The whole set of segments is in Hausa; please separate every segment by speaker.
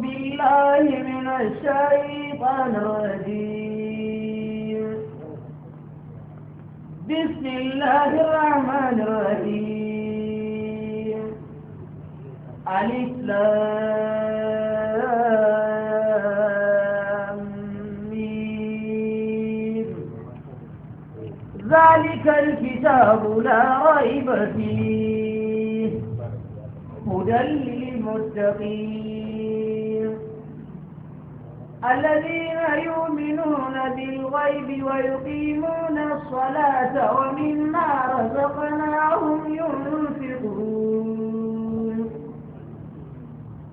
Speaker 1: بالله من الشيطان الرجيم بسم الله الرحمن الرحيم ألف ذلك الكتاب لا ريب فيه هدى للمتقين الذين يؤمنون بالغيب ويقيمون الصلاة ومما رزقناهم ينفقون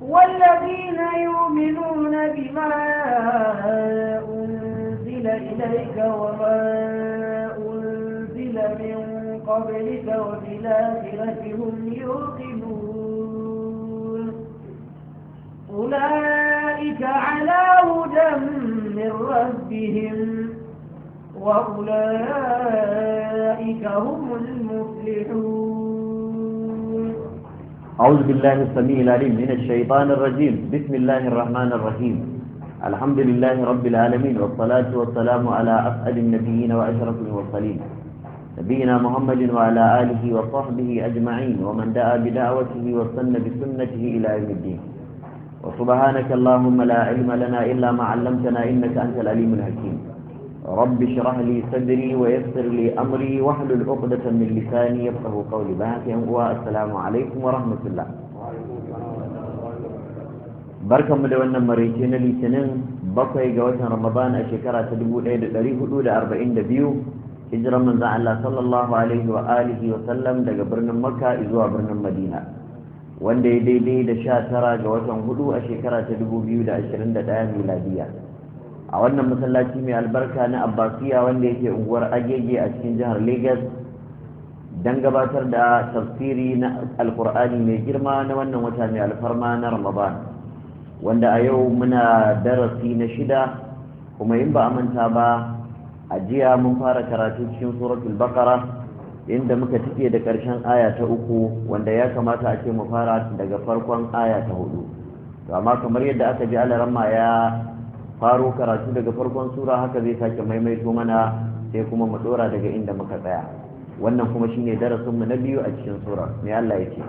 Speaker 1: والذين يؤمنون بما أنزل إليك وما أنزل من قبلك وبالآخرة هم يوقنون أولئك أولئك على هدى من ربهم وأولئك هم المفلحون
Speaker 2: أعوذ بالله السميع العليم من الشيطان الرجيم بسم الله الرحمن الرحيم الحمد لله رب العالمين والصلاة والسلام على أسأل النبيين وأشرف المرسلين نبينا محمد وعلى آله وصحبه أجمعين ومن دعا بدعوته وسن بسنته إلى يوم الدين وسبحانك اللهم لا علم لنا إلا ما علمتنا إنك أنت العليم الحكيم رب اشرح لي صدري ويسر لي أمري واحلل عقدة من لساني يفقه قولي بهاك والسلام عليكم ورحمة الله barkanmu da wannan maraice na litinin bakwai ga watan ramadan a shekara ta 1442 hijiran manzan Allah sallallahu alaihi wa alihi wa sallam daga birnin makka zuwa birnin madina wanda ya daidai da sha tara ga watan hudu a shekara ta dubu biyu da ashirin da ɗaya miladiya a wannan masallaci mai albarka na abbasiya wanda yake unguwar agege a cikin jihar lagos don gabatar da tafsiri na alkur'ani mai girma na wannan wata mai alfarma na ramadan wanda a yau muna darasi na shida kuma in ba a manta ba a jiya mun fara karatu cikin suratul bakara inda muka tike da ƙarshen aya ta uku wanda ya kamata a ce mu fara daga farkon aya ta hudu to amma kamar yadda aka ji alaramma ya faro karatu daga farkon sura haka zai sake maimaito mana sai kuma mu dora daga inda muka tsaya wannan kuma shine darasin mu na biyu a cikin sura mai Allah ya ce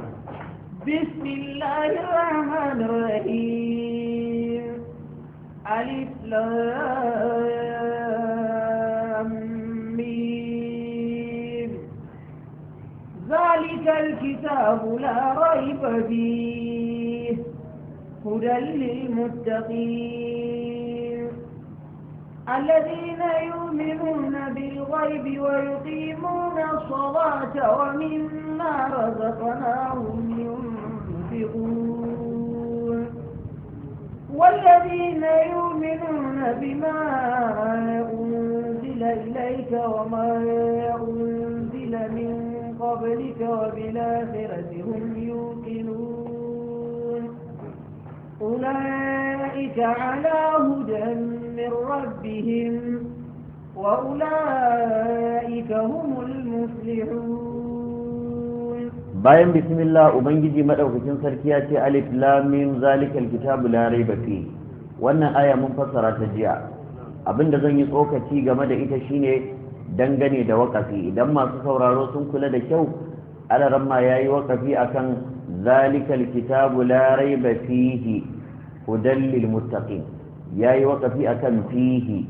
Speaker 1: bismillahirrahmanirrahim alif lam ذلك الكتاب لا ريب فيه هدى للمتقين الذين يؤمنون بالغيب ويقيمون الصلاة ومما رزقناهم ينفقون والذين يؤمنون بما أنزل إليك وما أنزل من قبلك وبالآخرة هم يوقنون أولئك على هدى من ربهم وأولئك هم المفلحون
Speaker 2: bayan bismillah ubangiji maɗaukacin sarki ya ce alif lam zalikal kitabu la raiba fi wannan aya mun fassara ta jiya abinda zan yi tsokaci game da ita shine dangane da wakafi idan masu sauraro sun kula da kyau alaran ma yi wakafi a kan zalikal kitabu larai ba fihi hudan lil ya yi wakafi a kan fihi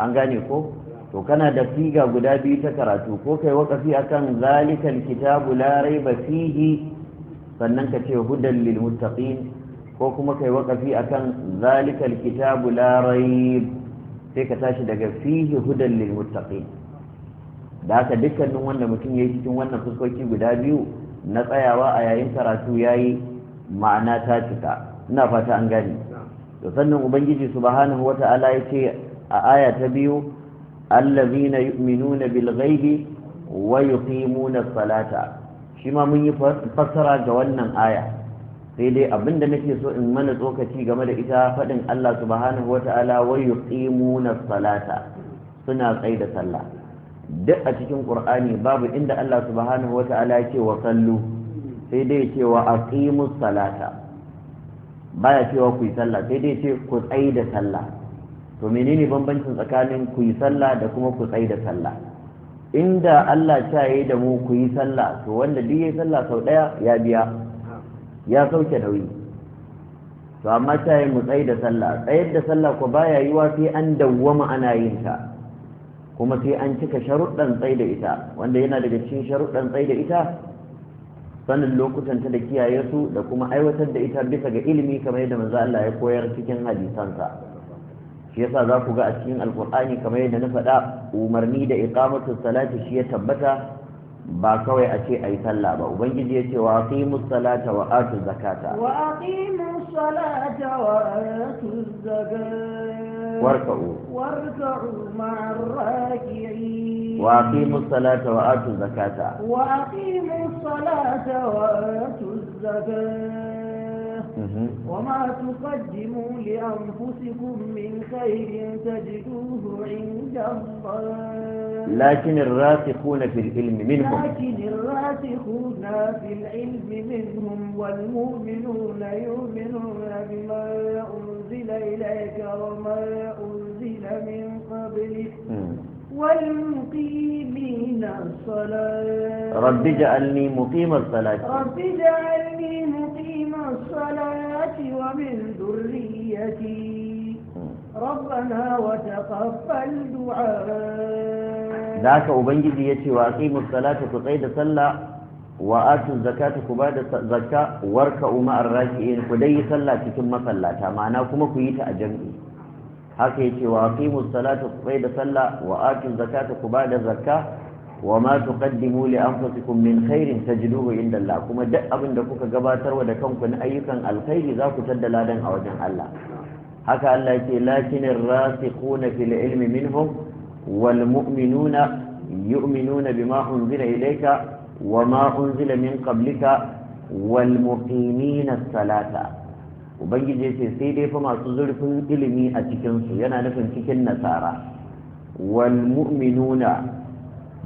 Speaker 2: an gane ko to kana da siga guda biyu ta karatu ko kai wakafi a kan zalikal kitabu larai ba fihi sannan ka ce hudan lil ko kuma kai wakafi a kan zalikal kitabu larai sai ka tashi daga fihi hudan lil da haka dukkanin wanda mutum ya yi cikin wannan fuskoki guda biyu na tsayawa a yayin karatu ya yi ma'ana ta cika ina fata an gani to sannan ubangiji subhanahu wata'ala ya ce a aya ta biyu allazina yu'minuna bil ghaibi wa yuqimuna salata shi ma mun yi fassara ga wannan aya sai dai abinda nake so in mana tsokaci game da ita faɗin Allah subhanahu wata'ala wa yuqimuna salata suna da sallah duk a cikin qur'ani babu inda Allah subhanahu wata'ala ya ce wa sallu sai dai ce wa aqimus salata baya cewa ku yi sallah sai dai ce ku tsayi da sallah to menene bambancin tsakanin ku yi sallah da kuma ku tsayi da sallah inda Allah ta yi da mu ku yi sallah to wanda duk yayi sallah sau daya ya biya ya sauke nauyi to amma ta mu tsayi da sallah tsayar da sallah ko baya yiwa sai an dawwama ana yin ta kuma sai an cika sharuɗan tsai da ita wanda yana daga cikin sharuɗan tsai da ita sanin lokutanta da kiyaye su da kuma aiwatar da ita bisa ga ilimi kamar yadda manzo Allah ya koyar cikin hadisansa shi yasa za ku ga a cikin alkur'ani kamar yadda na faɗa umarni da iqamatu salati shi ya tabbata ba kawai a ce a yi sallah ba ubangiji ya ce wa aqimus salata wa atu zakata
Speaker 1: wa aqimus salata wa atu zakata warka'u warka'u ma وأقيموا
Speaker 2: الصلاة وآتوا الزكاة
Speaker 1: وأقيموا الصلاة وآتوا الزكاة وما تقدموا لأنفسكم من خير تجدوه عند الله
Speaker 2: لكن الراسخون في العلم منهم
Speaker 1: لكن الراسخون في العلم منهم والمؤمنون يؤمنون بما أنزل إليك وما أنزل من قبلك والمقيمين الصلاة رب
Speaker 2: اجعلني مقيم الصلاة رب
Speaker 1: اجعلني مقيم الصلاة ومن ذريتي ربنا وتقبل دعاء
Speaker 2: ذاك أبنجي يتي وأقيموا الصلاة تقيد صلى وآتوا الزكاة كبادة زكاة واركعوا مع الراكعين كدي صلى تتم صلاة معنا كما كيت أجمعي haka yake wa aqimu salata ku da sallah wa atu zakata ku ba da zakka wa ma tuqaddimu li anfusikum min khairin tajiduhu inda Allah kuma duk abin da kuka gabatarwa da kanku na ayyukan alkhairi za ku tadda ladan a wajen Allah haka Allah yake lakinir rasikhuna fil ilmi minhum wal mu'minuna yu'minuna bima unzila ilayka wa ma unzila min qablika wal muqimina salata ubangiji ce sai dai fa masu zurfin ilimi a cikinsu yana nufin cikin nasara wal mu'minuna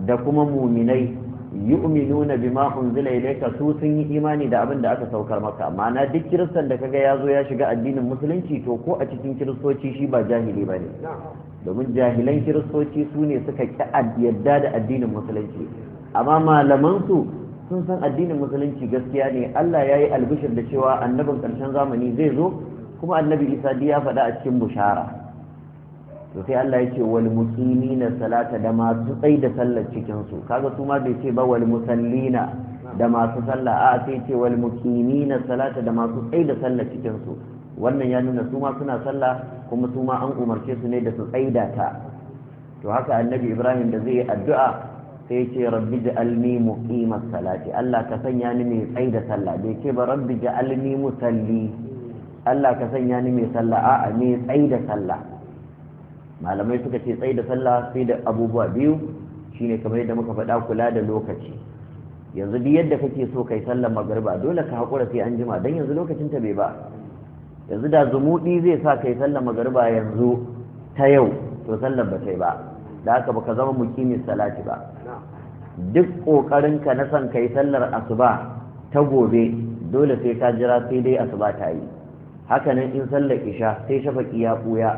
Speaker 2: da kuma muminai yu'minuna bima unzila ilayka su sun yi imani da abin da aka saukar maka ma'ana duk kiristan da kaga ya zo ya shiga addinin musulunci to ko a cikin kiristoci shi ba jahili bane domin jahilan kiristoci su ne suka ki yadda da addinin musulunci amma malaman su sun san addinin musulunci gaskiya ne Allah ya yi albishir da cewa annabin ƙarshen zamani zai zo kuma annabi isa ya faɗa a cikin bushara to sai Allah ya ce wal muqimina salata da masu tsai da sallar cikin su kaga su ma bai ce ba wal musallina da masu sallah a sai ce wal muqimina salata da masu tsai da sallar cikin su wannan ya nuna su ma suna sallah kuma su ma an umarce su ne da su tsaida ta to haka annabi Ibrahim da zai yi addu'a sai ce rabbi ja'alni muqimas salati Allah ka sanya ni mai tsayi da sallah bai ce ba rabbi ja'alni musalli Allah ka sanya ni mai sallah a'a mai tsayi da sallah malamai suka ce tsayi da sallah sai da abubuwa biyu shine kamar yadda muka faɗa kula da lokaci yanzu duk yadda kake so kai sallar magariba dole ka haƙura sai an jima dan yanzu lokacin ta bai ba yanzu da zumuɗi zai sa kai sallar magariba yanzu ta yau to sallar ba ta yi ba da haka ka zama mukimin salati ba duk ƙoƙarinka na son kai sallar asuba ta gobe dole sai ka jira sai dai asuba ta yi hakanan in sallar isha sai shafaki ya ɓuya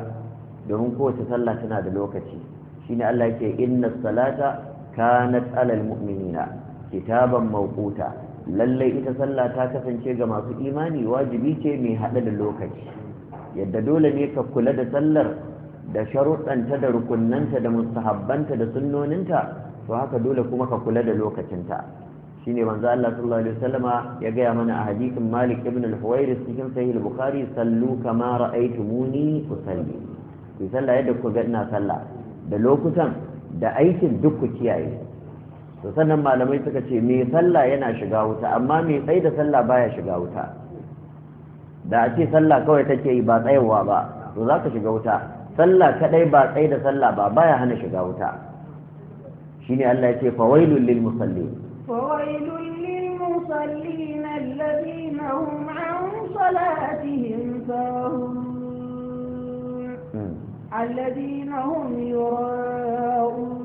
Speaker 2: domin kowace sallah tana da lokaci shine Allah yake inna salata kanat alal mu'minina kitaban mawquta lallai ita sallah ta kasance ga masu imani wajibi ce mai haɗa da lokaci yadda dole ne ka kula da sallar da sharuɗanta da rukunnanta da mustahabbanta da sunnoninta to haka dole kuma ka kula da lokacinta shine manzo Allah sallallahu alaihi wasallama ya gaya mana a hadisin Malik ibn al-Huwairis cikin sahih al-Bukhari sallu kama ra'aytumuni usalli ki sallah yadda ku ga ina sallah da lokutan da aikin duk ku kiyaye to sannan malamai suka ce me sallah yana shiga wuta amma me tsai da sallah baya shiga wuta da a ce sallah kawai take yi ba tsayawa ba to zaka shiga wuta sallah kadai ba tsai da sallah ba baya hana shiga wuta shine Allah ya ce fawailul lil musallin
Speaker 1: fawailul lil musallin alladhina hum an salatihim sahun alladhina hum yura'un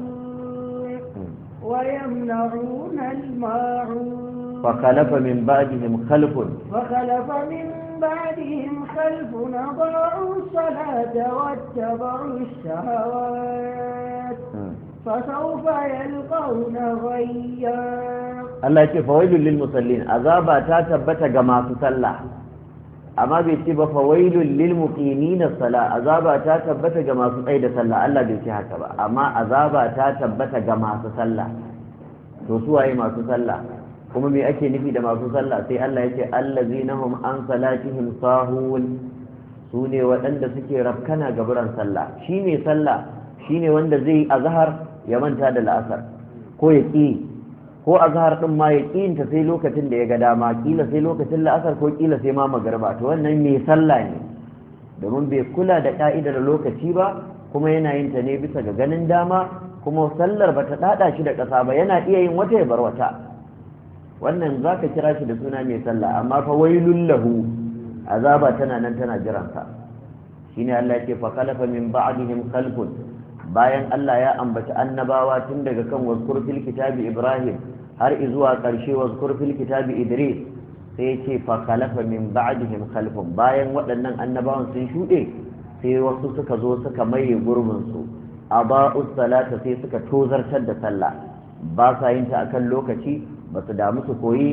Speaker 1: wa yamna'un al-ma'un
Speaker 2: فخلف من بعدهم خلف
Speaker 1: فخلف من بعدهم خلف أضاعوا الصلاة واتبعوا الشهوات فسوف يلقون غيا
Speaker 2: Allah ya ce fawailul lil musallin azaba ta tabbata ga masu sallah amma bai ce ba fawailul lil muqimin sala azaba ta tabbata ga masu tsaye da sallah Allah bai ce haka ba amma azaba ta tabbata ga masu sallah to su waye masu sallah kuma me ake nufi da masu sallah sai Allah ya ce allazina hum an salatihim sahun su ne waɗanda suke rafkana ga buran sallah shine sallah shine wanda zai azhar ya manta da la'asar ko ya ƙi ko a zahar ɗin ma ya ƙi ta sai lokacin da ya ga dama ƙila sai lokacin la'asar ko ƙila sai ma magarba ta wannan mai sallah ne domin bai kula da ka'idar lokaci ba kuma yana yin ta ne bisa ga ganin dama kuma sallar ba ta ɗaɗa shi da ƙasa ba yana iya yin wata ya bar wata wannan za ka kira shi da suna mai sallah amma fa wai lahu azaba tana nan tana jiransa shine Allah ce fa khalafa min ba'dihim khalqun bayan Allah ya ambaci annabawa tun daga kan wazkur fil kitabi Ibrahim har izuwa ƙarshe wazkur fil kitabi Idris sai ce fa khalafa min ba'dihim khalfun bayan waɗannan annabawan sun shuɗe sai wasu suka zo suka maye gurbin su ba'u salata sai suka tozartar da sallah ba sa yin ta akan lokaci ba su damu su koyi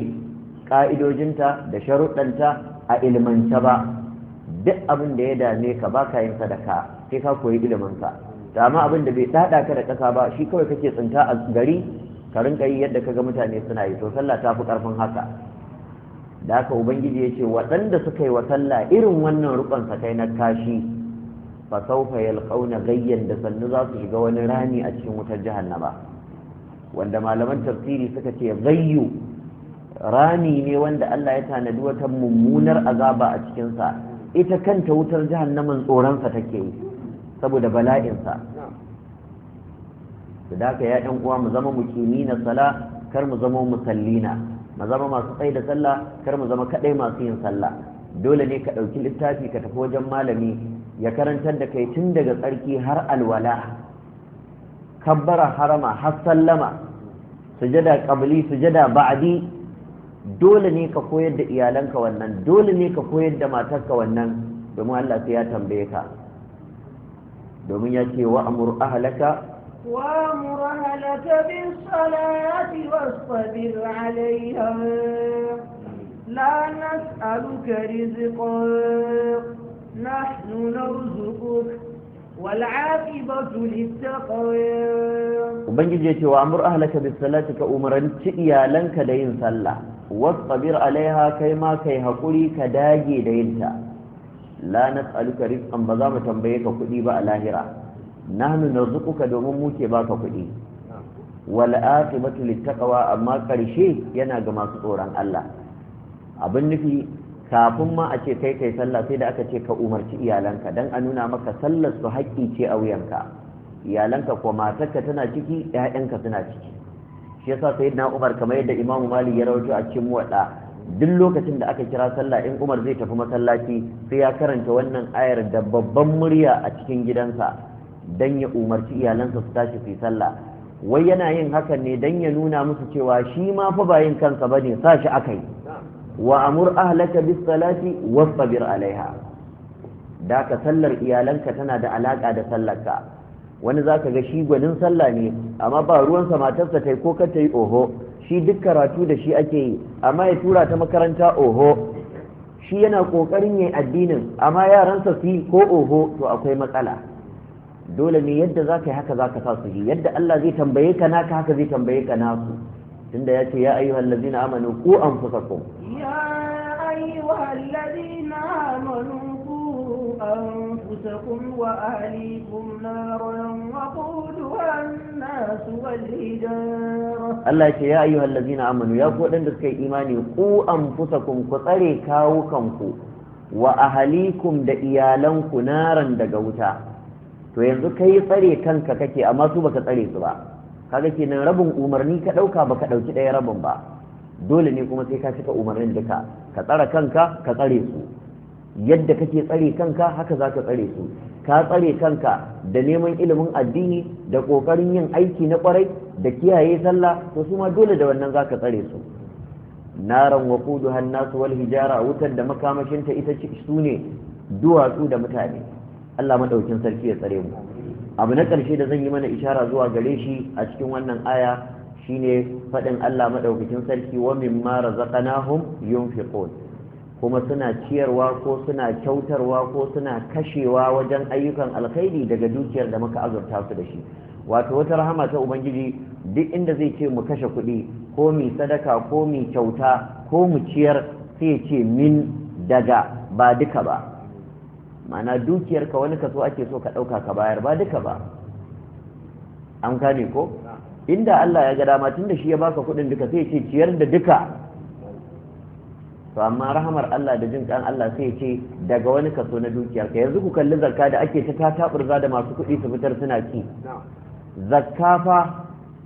Speaker 2: ka'idojinta da sharuɗanta a ilmance ba duk abin da ya dame ka ba ka yin sadaka sai ka koyi iliminsa da amma abin da bai tsada ka da ƙasa ba shi kawai kake tsinta a gari ka rinka yi yadda kaga mutane suna yi to sallah ta fi ƙarfin haka da haka ubangiji ya ce waɗanda suka yi wa sallah irin wannan sa sakai na kashi fa saufa yalqauna gayyan da sannu za su shiga wani rami a cikin wutar jahannama wanda malaman tafsiri suka ce gayyu rami ne wanda Allah ya tanadi wata mummunar azaba a cikinsa ita kanta wutar jahannaman tsoronsa take yi saboda bala'insa da daga ya ɗan uwa mu zama mukimi na sala kar mu zama musallina mu zama masu tsaye da sallah kar mu zama kadai masu yin sallah dole ne ka ɗauki littafi ka tafi wajen malami ya karantar da kai tun daga tsarki har alwala kabbara harama har sallama sujada qabli sujada ba'di dole ne ka koyar da iyalanka wannan dole ne ka koyar da matarka wannan domin Allah sai ya tambaye ka domin ya ce wa amur ahlaka
Speaker 1: wa amur ahlaka bis salati wasbir alaiha la nas'aluka rizqan nahnu narzuquk Ubangiji
Speaker 2: ya ce wa amur ahlaka bis salati ka umaranci iyalanka da yin sallah wasbir alaiha kai ma kai hakuri ka dage da yinta la nas'aluka rizqan ba za mu tambaye ka kuɗi ba a lahira nahnu narzuquka domin mu ke baka kuɗi wal aqibatu littaqwa amma karshe yana ga masu tsoron Allah abin nufi kafin ma a ce kai kai sallah sai da aka ce ka umarci iyalanka dan a nuna maka sallar su haƙƙi ce a wuyanka iyalanka ko matarka tana ciki ƴaƴanka suna ciki shi yasa sayyidina Umar kamar yadda Imam Malik ya rawaito a cikin muwadda duk lokacin da aka kira sallah in Umar zai tafi masallaci sai ya karanta wannan ayar da babban murya a cikin gidansa dan ya umarci iyalansa su tashi su yi sallah wai yana yin hakan ne dan ya nuna musu cewa shi ma fa ba yin kansa bane sa shi akai wa amur ahlaka bis salati wasbir alaiha da ka sallar iyalanka tana da alaka da sallarka wani zaka ga shi gwanin sallah ne amma ba ruwan sa matarsa tai ko ka tai oho shi duk karatu da shi ake yi amma ya tura ta makaranta oho shi yana kokarin yayi addinin amma yaransa su yi ko oho to akwai matsala dole ne yadda za ka yi haka za ka sa su yi yadda Allah zai tambaye ka naka haka zai tambaye ka naku tunda ya ce ya ayyuhal ladzina amanu ku anfusakum
Speaker 1: ya ayyuhal ladzina amanu أنفسكم وأهليكم نارا وقودها الناس والهجارة الله
Speaker 2: يا أيها الذين آمنوا يا قوة عندك إيماني قو أنفسكم قطري كاوكمكم وأهليكم دئيالنكم نارا دقوتا to yanzu kai tsare kanka kake amma su baka tsare su ba kaga kenan rabin umarni ka dauka baka dauki ɗaya rabin ba dole ne kuma sai ka cika umarnin duka ka tsara kanka ka tsare su yadda kake tsare kanka haka za ka tsare su ka tsare kanka da neman ilimin addini da ƙoƙarin yin aiki na kwarai, da kiyaye sallah to su ma dole da wannan za ka tsare su naran wa kudu hannasu wal hijara wutar da makamashinta ita su ne duwatsu da mutane allah maɗaukin sarki ya tsare mu abu na ƙarshe da zan yi mana ishara zuwa gare shi a cikin wannan aya shine faɗin allah maɗaukakin sarki wa mimma razaqnahum yunfiqun kuma suna ciyarwa ko suna kyautarwa ko suna kashewa wajen ayyukan alkhairi daga dukiyar da muka azurta su da shi wato wata rahama ta ubangiji duk inda zai ce mu kashe kuɗi ko mu sadaka ko mu kyauta ko mu ciyar sai ce min daga ba duka ba ma'ana dukiyarka wani kaso ake so ka ɗauka ka bayar ba duka ba an kane ko inda Allah ya ga dama tun da shi ya baka kuɗin duka sai ce ciyar da duka to amma rahamar Allah da jin kan Allah sai ce daga wani kaso na dukiyar ka yanzu ku kalli zakka da ake ta taburza da masu kuɗi su fitar suna ci zakka fa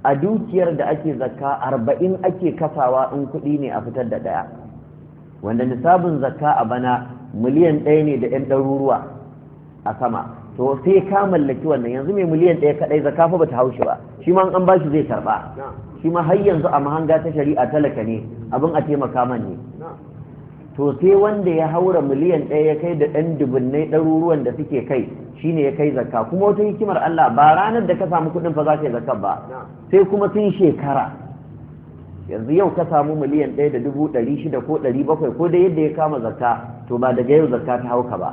Speaker 2: a dukiyar da ake zakka arba'in ake kasawa in kuɗi ne a fitar da ɗaya wanda nisabin zakka a bana miliyan ɗaya ne da ɗan ɗaruruwa a sama to sai ka mallaki wannan yanzu mai miliyan ɗaya kaɗai zakka fa bata haushi ba shi ma an bashi zai karɓa shi ma har yanzu a mahanga ta shari'a talaka ne abin a taimaka man ne to sai wanda ya haura miliyan ɗaya ya kai da ɗan dubunnai ɗaruruwan da suke kai shine ya kai zakka kuma wata hikimar Allah ba ranar da ka samu kuɗin fa za ka yi zakka ba sai kuma sun shekara yanzu yau ka samu miliyan ɗaya da dubu ɗari shida ko ɗari bakwai ko da yadda ya kama zakka to ba daga yau zakka ta hauka ba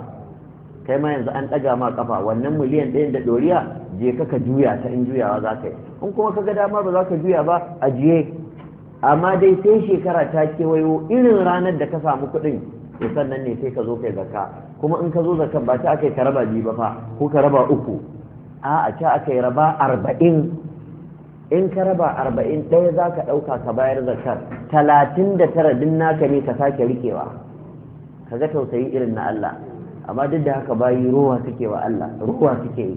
Speaker 2: kai ma yanzu an ɗaga ma kafa wannan miliyan ɗayan da ɗoriya je ka ka juya ta in juyawa za ka yi in kuma ka ga dama ba za ka juya ba ajiye amma dai sai shekara ta kewayo irin ranar da ka samu kuɗin to sannan ne sai ka zo kai zakka kuma in ka zo zakka ba ta aka yi ka raba biyu ba fa ko ka raba uku a a ta aka yi raba arba'in in ka raba arba'in ɗaya za ka ɗauka ka bayar zakkar talatin da tara din naka ne ka sake riƙewa ka ga tausayi irin na Allah amma duk da haka bayi ruwa suke wa Allah ruwa suke yi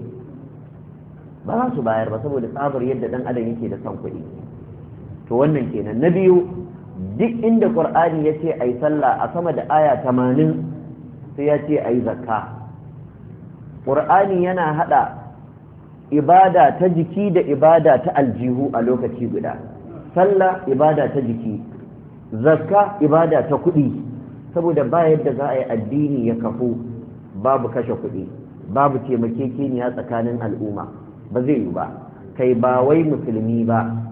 Speaker 2: ba za su bayar ba saboda tsabar yadda ɗan adam yake da son kuɗi to wannan kenan na biyu duk inda qur'ani ya ce yi sallah a sama da aya 80 sai ya ce yi zakka Ƙur'ani yana hada ibada ta jiki da ibada ta aljihu a lokaci guda sallah ibada ta jiki zakka ibada ta kuɗi saboda ba yadda za a yi addini ya kafu babu kashe kuɗi babu taimakekeniya tsakanin al'umma ba zai yi ba kai ba wai musulmi ba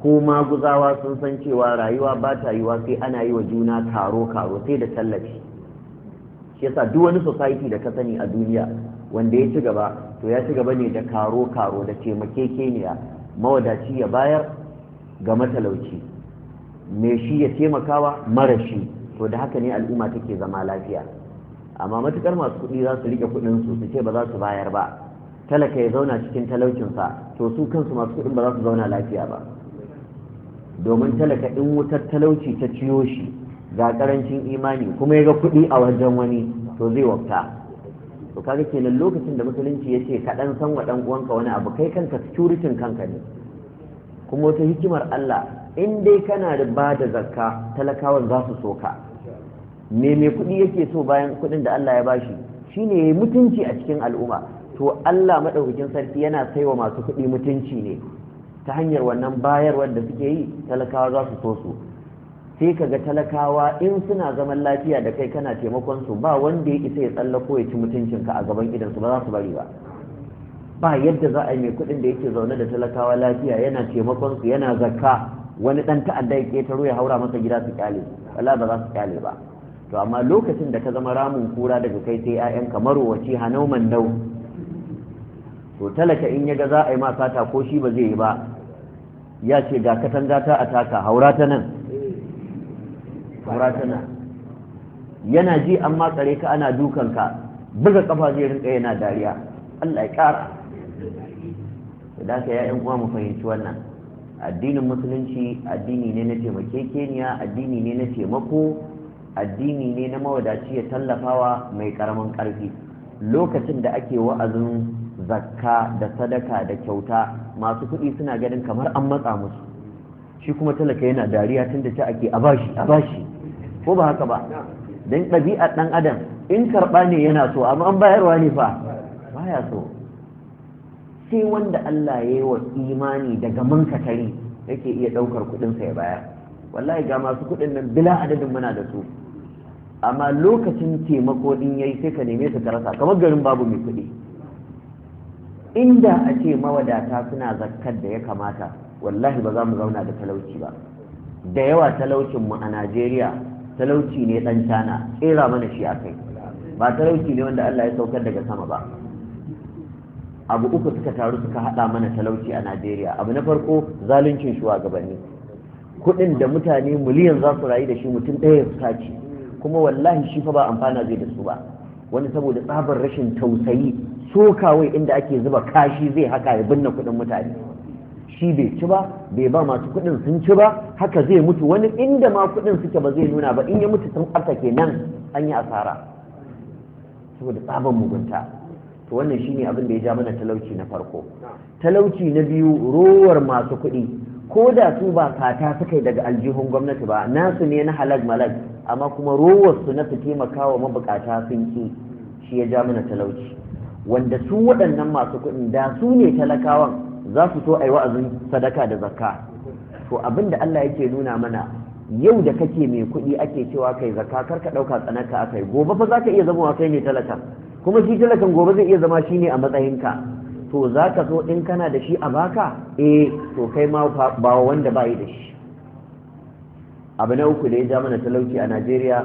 Speaker 2: ko ma guzawa sun san cewa rayuwa ba ta yiwa sai ana yi wa juna karo karo sai da tallafi shi yasa duk wani society da ka sani a duniya wanda ya ci gaba to ya ci gaba ne da karo karo da taimakekeniya mawadaci ya bayar ga matalauci mai shi ya taimakawa mara shi to da haka ne al'umma take zama lafiya amma matukar masu kuɗi za su riƙe kuɗin su su ce ba za su bayar ba talaka ya zauna cikin talaucinsa to su kansu masu kuɗin ba za su zauna lafiya ba domin talaka in wutar talauci ta ciyo shi ga karancin imani kuma ya ga kuɗi a wajen wani to zai wafta to kaga kenan lokacin da musulunci ya ce ka ɗan san wa ɗan uwanka wani abu kai kanka securitin kanka ne kuma wata hikimar Allah in dai kana da ba da zakka talakawan za su soka me me kuɗi yake so bayan kuɗin da Allah ya bashi shine yayi mutunci a cikin al'umma to Allah maɗaukakin sarki yana saiwa masu kuɗi mutunci ne ta hanyar wannan bayar da suke yi talakawa za su so su sai kaga talakawa in suna zaman lafiya da kai kana taimakon su ba wanda ya isa ya tsallako ya ci mutuncinka a gaban idan su ba za su bari ba ba yadda za a yi mai kuɗin da yake zaune da talakawa lafiya yana taimakon su yana zakka wani ɗan ta'adda ya ƙetaro ya haura masa gida su kyale wala ba za su kyale ba to amma lokacin da ka zama ramin kura daga kai sai kamar wace hanau nau to talaka in ya ga za a yi ma sata ko shi ba zai yi ba ya ce ga katanga ta a taka haura ta nan haura ta nan yana ji amma matsare ka ana dukan ka buga kafa zai rinka yana dariya Allah ya kara da ka ya uwa mu fahimci wannan addinin musulunci addini ne na taimakekeniya addini ne na taimako addini ne na mawadaci ya tallafawa mai karamin karfi lokacin da ake wa'azin zakka da sadaka da kyauta masu kuɗi suna ganin kamar an matsa musu shi kuma talaka yana dariya tun da ta ake a bashi a bashi ko ba haka ba don ɗabi'ar ɗan adam in karɓa ne yana so amma an bayarwa ne fa baya so sai wanda Allah ya yi wa imani daga mankatari yake iya ɗaukar kuɗinsa ya bayar wallahi ga masu kuɗin nan bila adadin muna da su amma lokacin taimako din yi sai ka neme su ka rasa kamar garin babu mai kuɗi inda a ce mawadata suna zakkar da ya kamata wallahi ba za mu zauna da talauci ba da yawa talaucinmu a najeriya talauci ne dan cana tsera mana shi a kai ba talauci ne wanda allah ya saukar daga sama ba abu uku suka taru suka hada mana talauci a najeriya abu na farko zaluncin shugabanni kudin da mutane miliyan za su rayu da shi mutum ɗaya ya sace kuma wallahi shi fa ba amfana zai da su ba wani saboda tsabar rashin tausayi so kawai inda ake zuba kashi zai haka ya binne kuɗin mutane shi bai ci ba bai ba masu kuɗin sun ci ba haka zai mutu wani inda ma kuɗin suke ba zai nuna ba in ya mutu sun ke nan an yi asara saboda tsaban mugunta to wannan shine abin da ya ja mana talauci na farko talauci na biyu rowar masu kuɗi ko da su ba fata suka yi daga aljihun gwamnati ba nasu ne na halag malag amma kuma rowarsu na su taimaka wa mabukata sun ki shi ya ja mana talauci wanda su waɗannan masu kuɗin da su ne talakawan za su so ai yi wa'azin sadaka da zakka to abin da Allah yake nuna mana yau da kake mai kuɗi ake cewa kai zakka kar ka ɗauka tsanaka akai gobe fa za ka iya zama kai ne talaka kuma shi talakan gobe zai iya zama shi ne a matsayinka to za ka so in kana da shi a baka eh to kai ma ba wanda ba yi da shi abu na uku da ya ja mana talauci a najeriya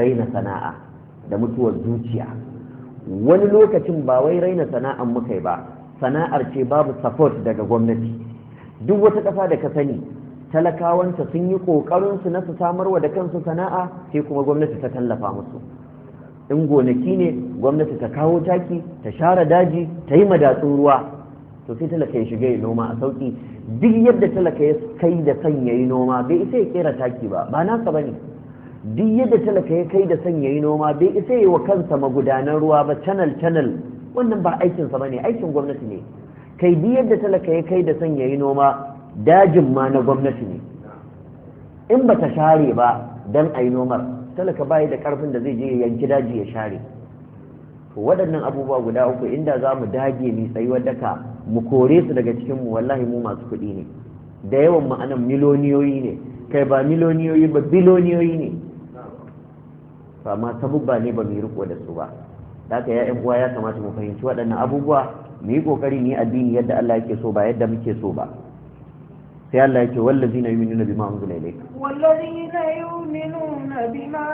Speaker 2: raina sana'a da mutuwar zuciya wani lokacin ba wai raina sana'an muka ba sana'ar ce babu support daga gwamnati duk wata ƙasa da ka sani talakawanta sun yi ƙoƙarinsu na su samarwa da kansu sana'a sai kuma gwamnati ta tallafa musu in gonaki ne gwamnati ta kawo taki ta share daji ta yi madatsun ruwa to sai talaka ya shiga ya noma a sauki duk yadda talaka ya kai da san ya yi noma bai isa ya kera taki ba ba nasa ba ne duk yadda talaka ya kai da san ya yi noma bai isa ya wa kansa magudanar ruwa ba canal canal wannan ba aikinsa ba bane aikin gwamnati ne kai duk yadda talaka ya kai da san ya yi noma dajin ma na gwamnati ne in ba ta share ba dan a yi nomar talaka bayi da karfin da zai je yanki daji ya share waɗannan abubuwa guda uku inda za mu dage mu tsayuwar daka mu kore su daga cikin mu wallahi mu masu kuɗi ne da yawan ma'anan anan miloniyoyi ne kai ba miloniyoyi ba biloniyoyi ne ba ma sabubba ne ba mu yi riko da su ba haka ya uwa ya kamata mu fahimci waɗannan abubuwa mu yi ƙoƙari mu yi addini yadda Allah yake so ba yadda muke so ba sai Allah yake wallazina yu'minuna bima unzila ilayka
Speaker 1: wallazina yu'minuna bima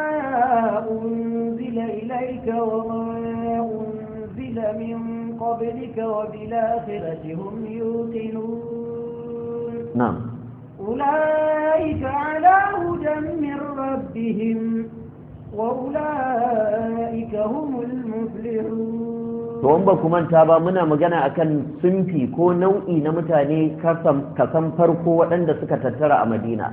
Speaker 1: unzila ilayka wa ma unzila min qablika wa bil akhirati hum yuqinun na'am ulaika ala hudan min rabbihim wa ulaika humul muflihun
Speaker 2: to in ba ku manta ba muna magana a kan sunfi ko nau'i na mutane kasan farko waɗanda suka tattara a madina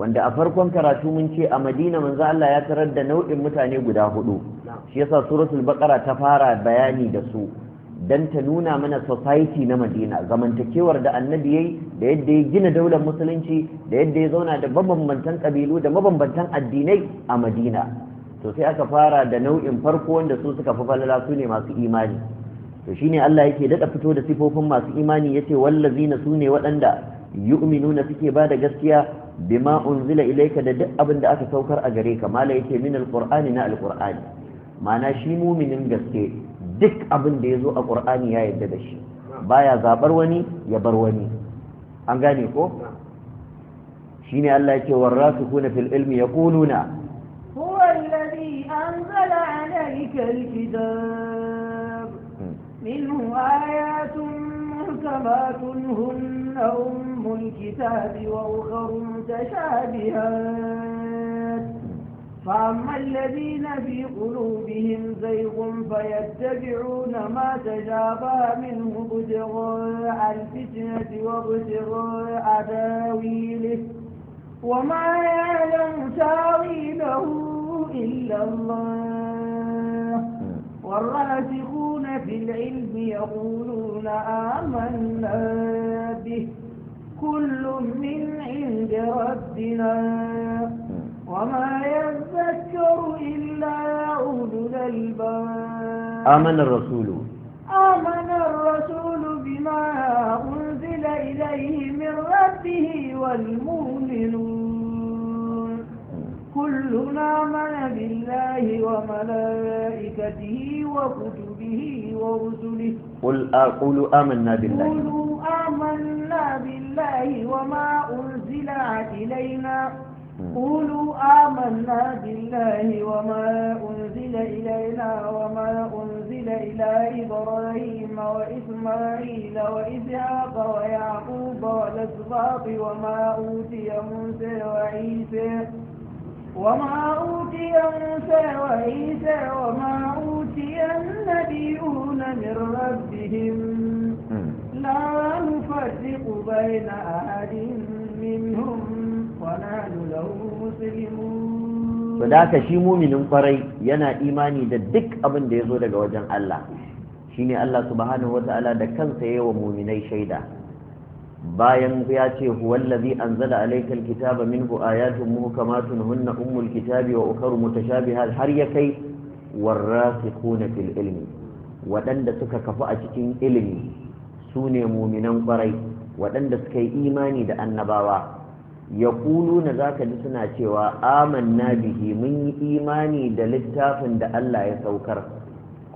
Speaker 2: wanda a farkon karatu mun ce a madina manzo Allah ya tarar da nau'in mutane guda hudu shi yasa suratul baqara ta fara bayani da su dan ta nuna mana society na madina zamantakewar da annabi yayi da yadda ya gina daular musulunci da yadda ya zauna da mabambantan kabilu da mabambantan addinai a madina to sai aka fara da nau'in farko wanda su suka fi falala su ne masu imani to shine Allah yake dada fito da sifofin masu imani yace wallazina su ne waɗanda yu'minuna suke ba da gaskiya bima unzila ilayka da duk abin da aka saukar a gare ka mala yake min alqur'ani na alqur'ani mana shi muminin gaske duk abin da yazo a qur'ani ya yarda da shi baya zabar wani ya bar wani an gane ko shine Allah yake warasukuna fil ilmi yaquluna
Speaker 1: الذي أنزل عليك الكتاب منه آيات محكمات هن أم الكتاب وأخر متشابهات فأما الذين في قلوبهم زيغ فيتبعون ما تجابى منه ابتغاء الفتنة وابتغاء تاويله وما يعلم تاويله إلا الله والراسخون في العلم يقولون آمنا به كل من عند ربنا وما يذكر إلا أولو الألباب
Speaker 2: آمن الرسول
Speaker 1: آمن الرسول بما أنزل إليه من ربه والمؤمنون ما من بالله وملائكته وكتبه ورسله
Speaker 2: قل أقول آمنا بالله قل
Speaker 1: آمنا بالله وما أنزل إلينا قولوا آمنا بالله وما أنزل إلينا وما أنزل إلى إبراهيم وإسماعيل وإسحاق ويعقوب والأسباط وما أوتي موسى وعيسى وما أوتي موسى وعيسى وما أوتي النبيون من ربهم لا نفرق بين أحد منهم ونحن له مسلمون
Speaker 2: فذاك shi muminin kwarai yana imani da duk abin da ya zo daga wajen Allah shine Allah subhanahu wata'ala da kansa yayi wa muminai shaida bayan ya ce huwallazi anzala alayka alkitaba minhu ayatun muhkamatun hunna ummul kitabi wa ukharu mutashabihat har ya kai warasikhuna fil ilmi waɗanda suka kafu a cikin ilimi su ne muminan ƙwarai waɗanda suka yi imani da annabawa ya kulu na za ka ji suna cewa amanna bihi mun yi imani da littafin da Allah ya saukar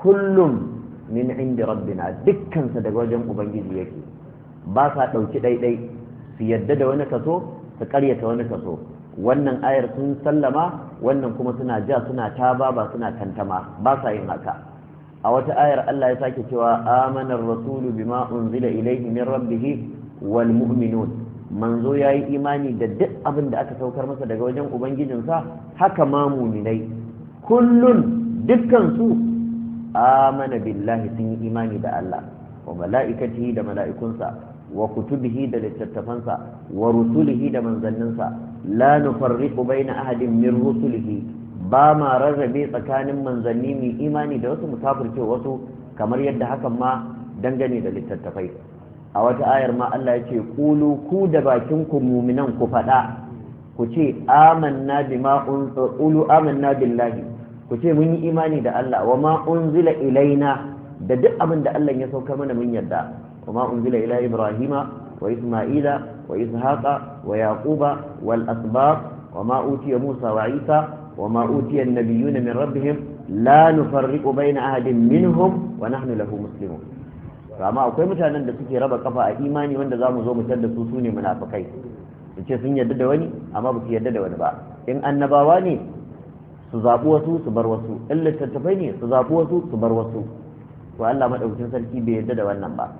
Speaker 1: kullum
Speaker 2: min inda rabbina dukkansa daga wajen ubangiji yake ba sa ɗauki ɗaiɗai su yadda da wani kaso su karyata wani kaso wannan ayar sun sallama wannan kuma suna ja suna ta ba suna tantama ba sa yin haka a wata ayar Allah ya sake cewa amanar rasulu bima unzila ilaihi min rabbihi wal mu'minun manzo yayi imani da duk abin da aka saukar masa daga wajen ubangijinsa haka ma mu'minai kullun dukkan su amana billahi sun yi imani da Allah wa mala'ikatihi da mala'ikunsa wa kutubihi da littattafansa wa rusulihi da manzanninsa la nufarriqu baina ahadin min rusulihi ba ma rarrabe tsakanin manzanni mai imani da wasu musafirce wasu kamar yadda hakan ma dangane da littattafai a wata ayar ma Allah ya ce qulu ku da bakin ku muminan ku faɗa ku ce amanna bima qulu amanna billahi ku ce mun yi imani da Allah wa ma unzila ilaina da duk abin da Allah ya sauka mana mun yarda وما أنزل إلى إبراهيم وإسماعيل وإسحاق ويعقوب والأسباط وما أوتي موسى وعيسى وما أوتي النبيون من ربهم لا نفرق بين أحد منهم ونحن له مسلمون Kama akwai mutanen da suke raba kafa a imani wanda za mu zo mu da su su munafukai su ce sun yarda da wani amma ba su yarda da wani ba in annabawa ne su zaɓi wasu su bar wasu in littattafai ne su zaɓi wasu su bar wasu to Allah madaukakin sarki bai yarda da wannan ba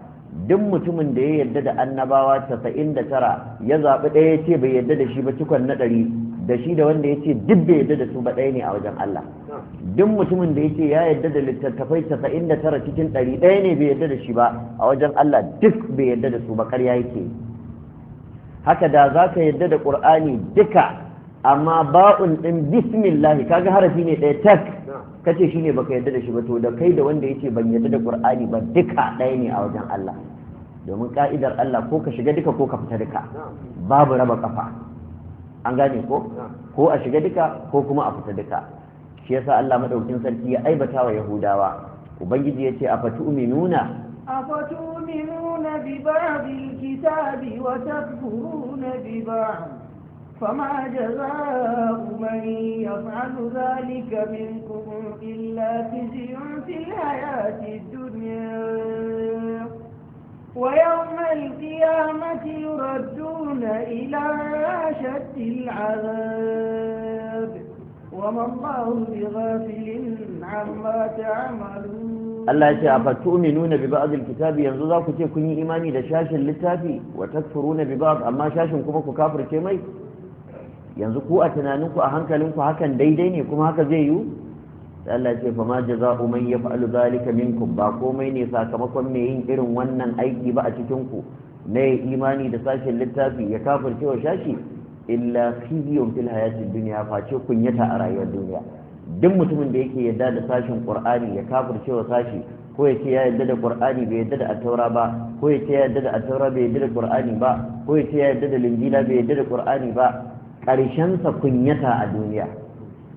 Speaker 2: duk mutumin da ya yarda da annabawa casa'in da tara ya zaɓi ɗaya ya ce bai yarda da shi ba cikon na ɗari da shi da wanda ya ce duk bai yarda da su ba ɗaya ne a wajen Allah duk mutumin da ya ce ya yarda da littattafai casa'in da tara cikin ɗari ɗaya ne bai yarda da shi ba a wajen Allah duk bai yarda da su ba ƙarya yake haka da za ka yarda da ƙur'ani duka amma ba'un din bismillah kaga harafi ne ɗaya tak kace shine baka yarda da shi ba to da kai da wanda yace ban yarda da qur'ani ba duka ɗaya ne a wajen Allah domin ka'idar Allah ko ka shiga duka ko ka fita duka babu raba kafa an gane ko ko a shiga duka ko kuma a fita duka shi yasa Allah madaukin sarki ya aibata wa yahudawa ubangiji yace a fatu afatu'minuna
Speaker 1: minuna bi ba'dil kitabi wa takfuruna bi ba'd فما جزاء من يفعل ذلك منكم إلا خزي في الحياة الدنيا ويوم القيامة يردون إلى أشد العذاب وما الله بغافل عما تعملون
Speaker 2: Allah ya ce a fatu'mi nuna bi ba'adil kitabi yanzu za ku ce kun yi imani da shashin littafi wa takfuruna bi ba'ad amma shashin kuma ku kafirce mai yanzu ku a tunaninku a hankalinku hakan daidai ne kuma haka zai yiwu Allah ce fa ma jaza'u man yaf'alu zalika minkum ba komai ne sakamakon mai yin irin wannan aiki ba a cikin ku ne imani da sashen littafi ya kafirce wa shashi illa khizyun fil hayatid dunya face kunyata a rayuwar duniya duk mutumin da yake yadda da sashen qur'ani ya kafirce wa sashi ko ya ce ya yadda da qur'ani bai yadda da attaura ba ko ya ce ya yadda da attaura bai yadda da qur'ani ba ko ya ce ya yadda da linjila bai yadda da qur'ani ba ƙarshensa kunyata a duniya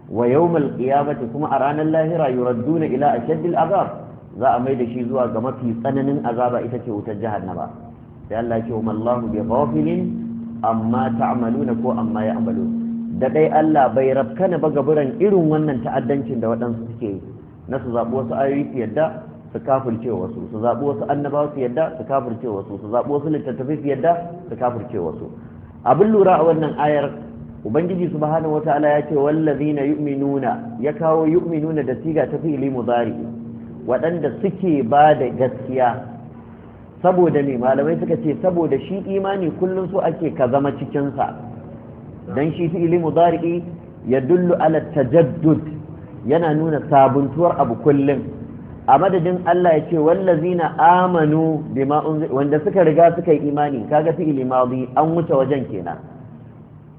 Speaker 2: wa yawmal qiyamati kuma a ranar lahira yuradduna ila ashaddil azab za a mai da shi zuwa ga mafi tsananin azaba ita ce wutar jahannama sai Allah ya ce wallahu bi ghafilin amma ta'maluna ko amma ya'malun da dai Allah bai rabkana ba gaburan irin wannan ta'addancin da waɗansu suke yi. na su zaɓi wasu ayoyi su yadda su kafirce wasu su zaɓi wasu annaba su yadda su kafirce wasu su zaɓi wasu littattafai su yadda su kafirce wasu abin lura a wannan ayar ubangiji subhanahu wataala ya ce wallazina yu'minuna ya kawo yu'minuna da siga ta fi'ili mudari waɗanda suke ba da gaskiya saboda ne malamai suka ce saboda shi imani kullum su ake ka zama cikinsa don shi fi'ili mudari ya dullu ala tajaddud yana nuna sabuntuwar abu kullum a madadin Allah ya ce wallazina amanu bima wanda suka riga suka yi imani kaga fi'ili madi an wuce wajen kenan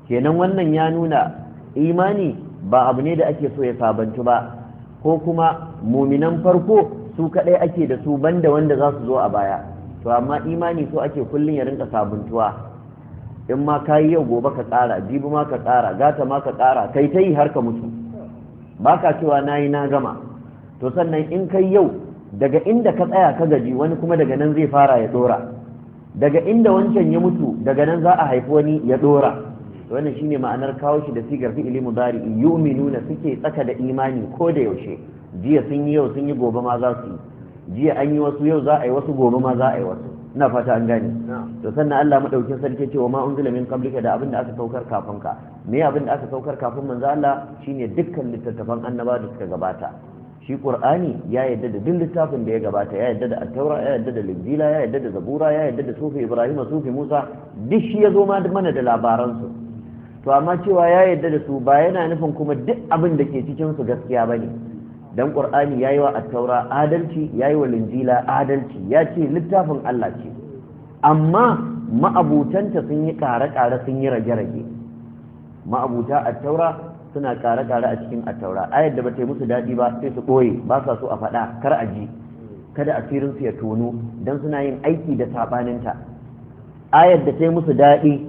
Speaker 2: kenan wannan ya nuna imani ba abu ne da ake so ya sabantu ba ko kuma muminan farko su kaɗai ake da su banda wanda za su zo a baya to amma imani so ake kullum ya rinka sabuntuwa in ma ka yi yau gobe ka tsara jibi ma ka tsara gata ma ka tsara kai ta yi har ka mutu ba ka cewa na yi na gama to sannan in kai yau daga inda ka tsaya ka gaji wani kuma daga nan zai fara ya dora daga inda wancan ya mutu daga nan za a haifi wani ya dora wannan shine ma'anar kawo shi da sigar fi'ili mudari yu'minuna suke tsaka da imani ko da yaushe jiya sun yi yau sun yi gobe ma za su yi jiya an yi wasu yau za a yi wasu gobe ma za a yi wasu ina fata an gane to sannan Allah madaukin sarki ce wa ma unzila min qablika da abin da aka saukar kafin ka me abin da aka saukar kafin manzo Allah shine dukkan littattafan annaba da suka gabata shi qur'ani ya yadda da duk littafin da ya gabata ya yadda da at-taura ya yadda da linjila ya yadda da zabura ya yadda da sufi ibrahim sufi musa duk shi ya zo ma mana da labaran su to amma cewa ya yarda da su ba yana nufin kuma duk abin da ke cikin su gaskiya bane dan qur'ani yayi wa at-taura adalci yayi wa linjila adalci ya ce littafin Allah ce amma ma'abutanta sun yi kare-kare sun yi rage-rage ma'abuta at-taura suna kare-kare a cikin at-taura ayar da ba ta yi musu dadi ba sai su koye ba sa so a faɗa kar a ji kada asirin su ya tono dan suna yin aiki da sabaninta ayar da ta yi musu dadi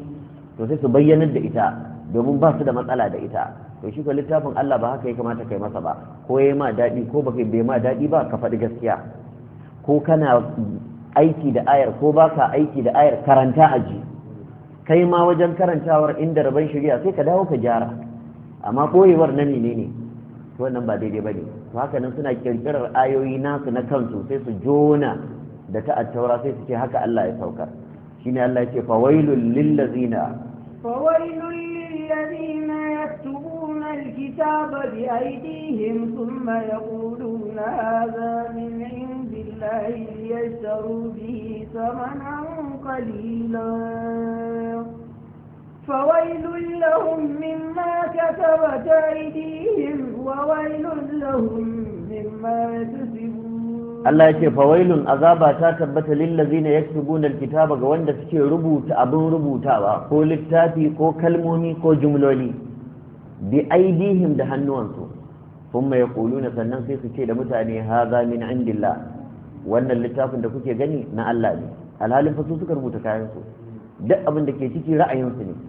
Speaker 2: to sai su bayyanar da ita domin ba su da matsala da ita to shi ko littafin Allah ba haka ya kamata kai masa ba ko yayi ma dadi ko baka bai ma dadi ba ka faɗi gaskiya ko kana aiki da ayar ko baka aiki da ayar karanta aji kai ma wajen karantawar inda rabon shari'a sai ka dawo ka gyara amma koyewar na ne to wannan ba daidai bane to haka nan suna kirkirar ayoyi nasu na kansu sai su jona da ta attaura sai su ce haka Allah ya saukar shine Allah ya ce fawailul lil
Speaker 1: fawailul الذين يكتبون الكتاب بأيديهم ثم يقولون هذا من عند الله ليشتروا به ثمنا قليلا فويل لهم مما كتبت أيديهم وويل لهم مما يكسبون
Speaker 2: Allah ya ce fawailun azaba ta tabbata lillazina yaktubuna alkitaba ga wanda suke rubuta abin rubutawa ko littafi ko kalmomi ko jumloli bi aidihim da hannuwansu kuma yaquluna sannan sai su ce da mutane haza min indillah wannan littafin da kuke gani na Allah ne alhalin fa su suka rubuta kayan su duk abin da ke ciki ra'ayinsu ne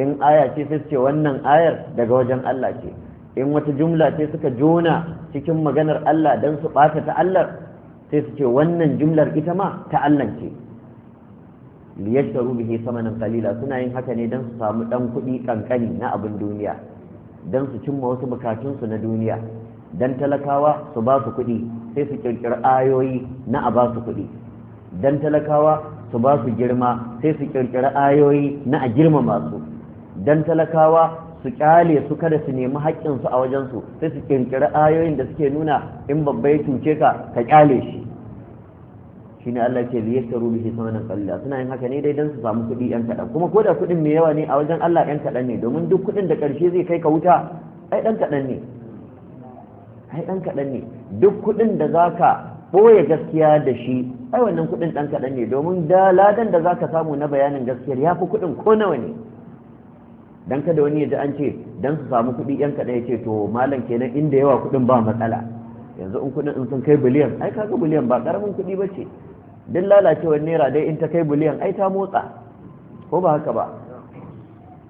Speaker 2: in aya ce sai su ce wannan ayar daga wajen Allah ce in wata jumla ce suka jona cikin maganar Allah don su ɓata ta Allah sai su ce wannan jumlar ita ma ta Allah ce liyashtaru bihi samanan qalila suna yin haka ne dan su samu ɗan kuɗi kankani na abin duniya dan su cimma wasu bukatunsu na duniya dan talakawa su ba su kuɗi sai su kirkiri ayoyi na a ba su kuɗi dan talakawa su ba su girma sai su kirkiri ayoyi na a girma masu, dan talakawa su kyale su kada su nemi haƙƙinsu a wajensu sai su kirkiri ayoyin da suke nuna in babba ya cuce ka ka kyale shi Shi ne Allah ce ta rubi sama samanan kalla. suna yin haka ne dai dan su samu kuɗi yan kaɗan kuma ko da kuɗin mai yawa ne a wajen Allah yan kaɗan ne domin duk kuɗin da ƙarshe zai kai ka wuta ai ɗan kaɗan ne ai ɗan kaɗan ne duk kuɗin da za ka ɓoye gaskiya da shi ai wannan kuɗin ɗan kaɗan ne domin da ladan da za ka samu na bayanin gaskiyar ya fi kuɗin ko nawa ne dan kada wani ya ji an ce dan su samu kuɗi yan kaɗan ya ce to malam kenan inda yawa kuɗin ba matsala yanzu in kuɗin in sun kai biliyan ai kaga biliyan ba ƙaramin kuɗi ba ce duk lalacewar naira dai in ta kai biliyan ai ta motsa ko ba haka ba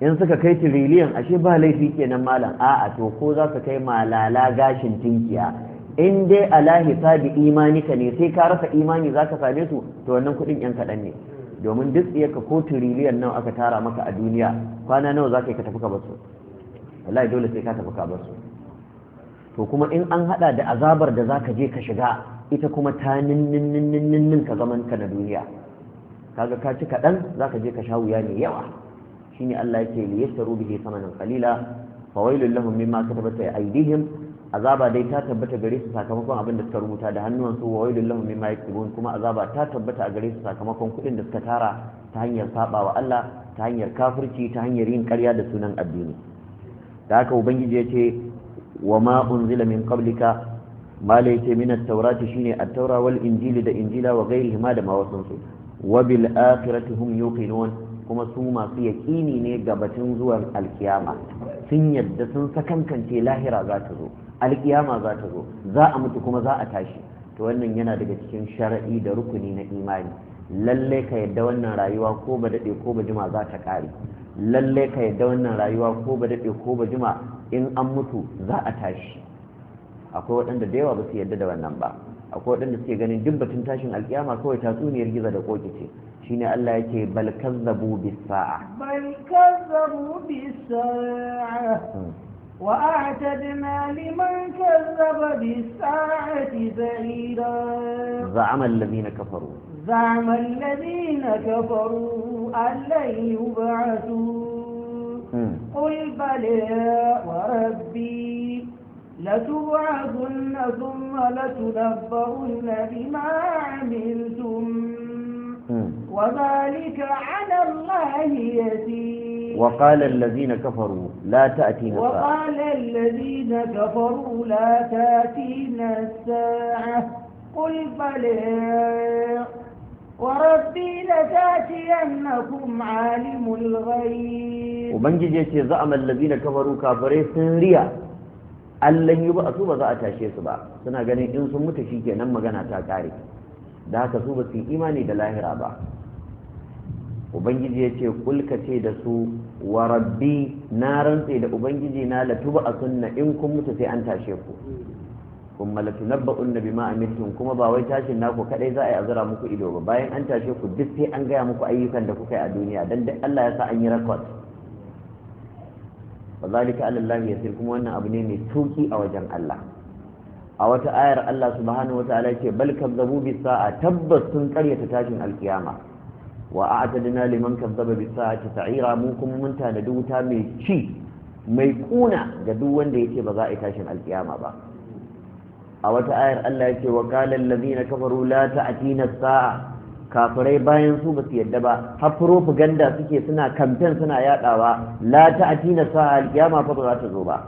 Speaker 2: in suka kai tiriliyan ashe ba laifi kenan malam a'a to ko za su kai malala gashin tinkiya in dai ala imani imanika ne sai ka rasa imani za ka same su to wannan kuɗin yan kaɗan ne domin duk ka ko tiriliyan nawa aka tara maka a duniya kwana nawa za ka yi ka tafi ka basu wallahi dole sai ka tafi ka basu to kuma in an hada da azabar da za ka je ka shiga ita kuma ta ninninninninnin ka zaman ka na duniya kaga ka ci kaɗan za ka je ka sha wuya mai yawa shine Allah yake liyassaru bihi samanin qalila fawailul lahum mimma katabat aydihim azaba dai ta tabbata gare su sakamakon abin da suka rubuta da hannuwansu wa wailul lahum mimma yaktubun kuma azaba ta tabbata a gare su sakamakon kuɗin da suka tara ta hanyar saba wa Allah ta hanyar kafirci ta hanyar yin ƙarya da sunan addini da haka ubangiji ya ce wa ma unzila min qablika ma la min at-taurati shine at-taura wal injili da injila wa ghayrihima da ma wasun su wa bil akhirati hum yuqinun kuma su masu yaƙini ne batun zuwan alkiyama sun yadda sun sakankance lahira za ta zo Alƙiyama za ta zo za a mutu kuma za a tashi to wannan yana daga cikin sharaɗi da rukuni na imani lalle ka yadda wannan rayuwa ko ba daɗe ko ba jima za ta ƙare lallai ka yadda wannan rayuwa ko ba daɗe ko ba jima in an mutu za a tashi akwai waɗanda da yawa ba su yadda da wannan ba akwai waɗanda suke ganin duk batun tashin alƙiyama kawai tatsuniyar gizo da koki ce ne Allah yake bal kazzabu bis sa'a
Speaker 1: bal kazzabu sa'a hmm. وأعتدنا لمن كذب بالساعة سعيرا زعم
Speaker 2: الذين كفروا
Speaker 1: زعم الذين كفروا أن لن يبعثوا قل بلى وربي لتبعثن ثم لتنبؤن بما عملتم وذلك على الله يسير
Speaker 2: وقال الذين كفروا لا تأتينا الساعة
Speaker 1: وقال الذين كفروا لا تأتينا الساعة قل بلى وربي لتأتينكم عالم الغيب
Speaker 2: وبنجي يشي زعم الذين كفروا كافرين سنريا allan yi ba a su ba za a tashe su ba suna ganin in sun mutu shi kenan magana ta kare da haka su ba su imani da lahira ba ubangiji ya ce kulka da su wa rabbi na rantse da ubangiji na latuba a sunna in kun mutu sai an tashe ku kuma latunabba'un bima amiltum kuma ba wai tashin naku kadai za a yi azura muku ido ba bayan an tashe ku duk sai an gaya muku ayyukan da kuka yi a duniya dan da Allah ya sa an yi record wa zalika ala Allah yasir kuma wannan abu ne mai tuki a wajen Allah a wata ayar Allah subhanahu wata'ala ce bal zabu bi sa'a tabbas sun karyata tashin alkiyama wa a'tadna liman kazzaba bi ta ta'ira mu kuma mun tana da wuta mai ci mai kuna ga duk wanda yake ba za a yi tashin alkiyama ba a wata ayar Allah ya ce wa qala allazina kafaru la ta'tina sa'a kafirai bayan su basu yadda ba har ganda suke suna kamfen suna yadawa la ta'tina sa'a alkiyama fa ba za ta zo ba